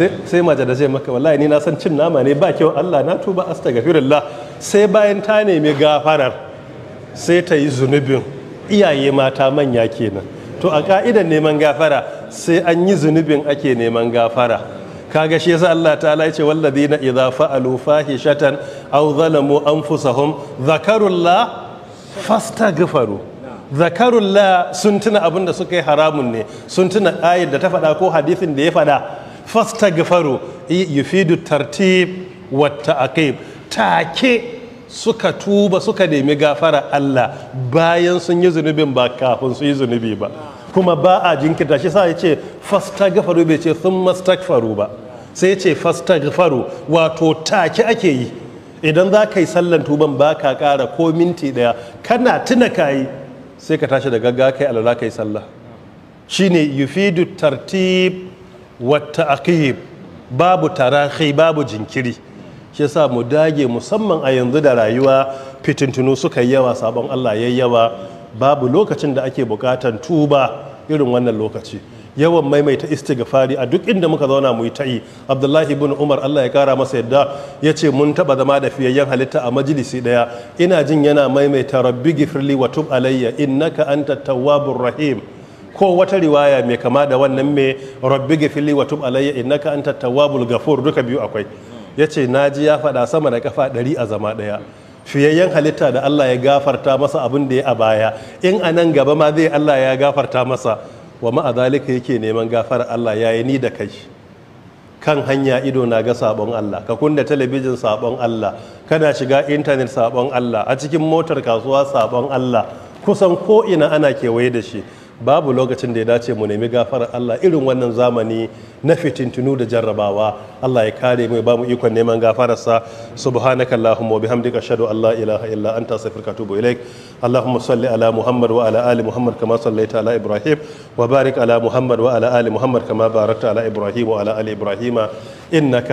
sai mace da zai maka wallahi ni na san cin nama ne ba kyau Allah na tuba astaghfirullah sai bayan ta nemi gafarar sai ta yi zunubin iyaye mata manya kenan to a ka'idan neman gafara sai an yi zunubin ake neman gafara kaga shi yasa Allah ta'ala ya ce walladina idza fa'alu fahishatan aw zalamu anfusahum zakarullah fastaghfaru zakarullah sun tuna abinda suka yi haramun ne sun tuna ayar da ta faɗa ko hadisin da ya faɗa fastagfaru yufidu tartib wa ta'qib take suka tuba suka nemi gafara Allah bayan sun yi zunubin ba kafin sun yi zunubi ba kuma ba a jinkirta shi sa yace fastagfaru bai ce sun faru ba sai ce fastaghfaru wato take ake yi idan za ka yi sallan tuban ba ka kara ko minti daya. kana tuna ka yi sai ka tashi da gaggawa kai alala ka yi sallah shine yufidu tartib wata akiyi babu tarahi babu jinkiri shi yasa mu dage musamman a yanzu da rayuwa fitintunu suka yi yawa sabon Allah yayi yawa babu lokacin da ake bukatan tuba irin wannan lokaci yawan maimaita istighfari a duk inda muka zauna mu yi ta'i abdullahi ibn umar allah ya kara masa yadda ya ce mun taba zama da fiyayyen halitta a majalisi daya ina jin yana maimaita rabbi gifirli wa tub alayya innaka anta tawwabur rahim ko wata riwaya mai kama da wannan mai rabbi gafili wa tub alayya innaka anta tawwabul ghafur duka biyu akwai yace ji ya faɗa sama da kafa ɗari a zama ɗaya fiyayyen halitta da Allah ya gafarta masa abin da ya a baya in a nan gaba ma zai Allah ya gafarta masa wa ma'azalika zalika yake neman gafar Allah ya yi ni da kai kan hanya ido na ga sabon Allah ka kunna talabijin sabon Allah kana shiga intanet sabon Allah a cikin motar kasuwa sabon Allah kusan ko ina ana kewaye da shi babu lokacin da ya dace mu nemi gafarar Allah irin wannan zamani na fitintunu da jarrabawa Allah ya kare mu ba mu ikon neman gafararsa subhanaka allahumma wa bihamdika ashhadu an la ilaha illa anta astaghfiruka wa atubu ilaik allahumma salli ala muhammad wa ala ali muhammad kama sallaita ala ibrahim wa barik ala muhammad wa ala ali muhammad kama barakta ala ibrahim wa ala ali ibrahima innaka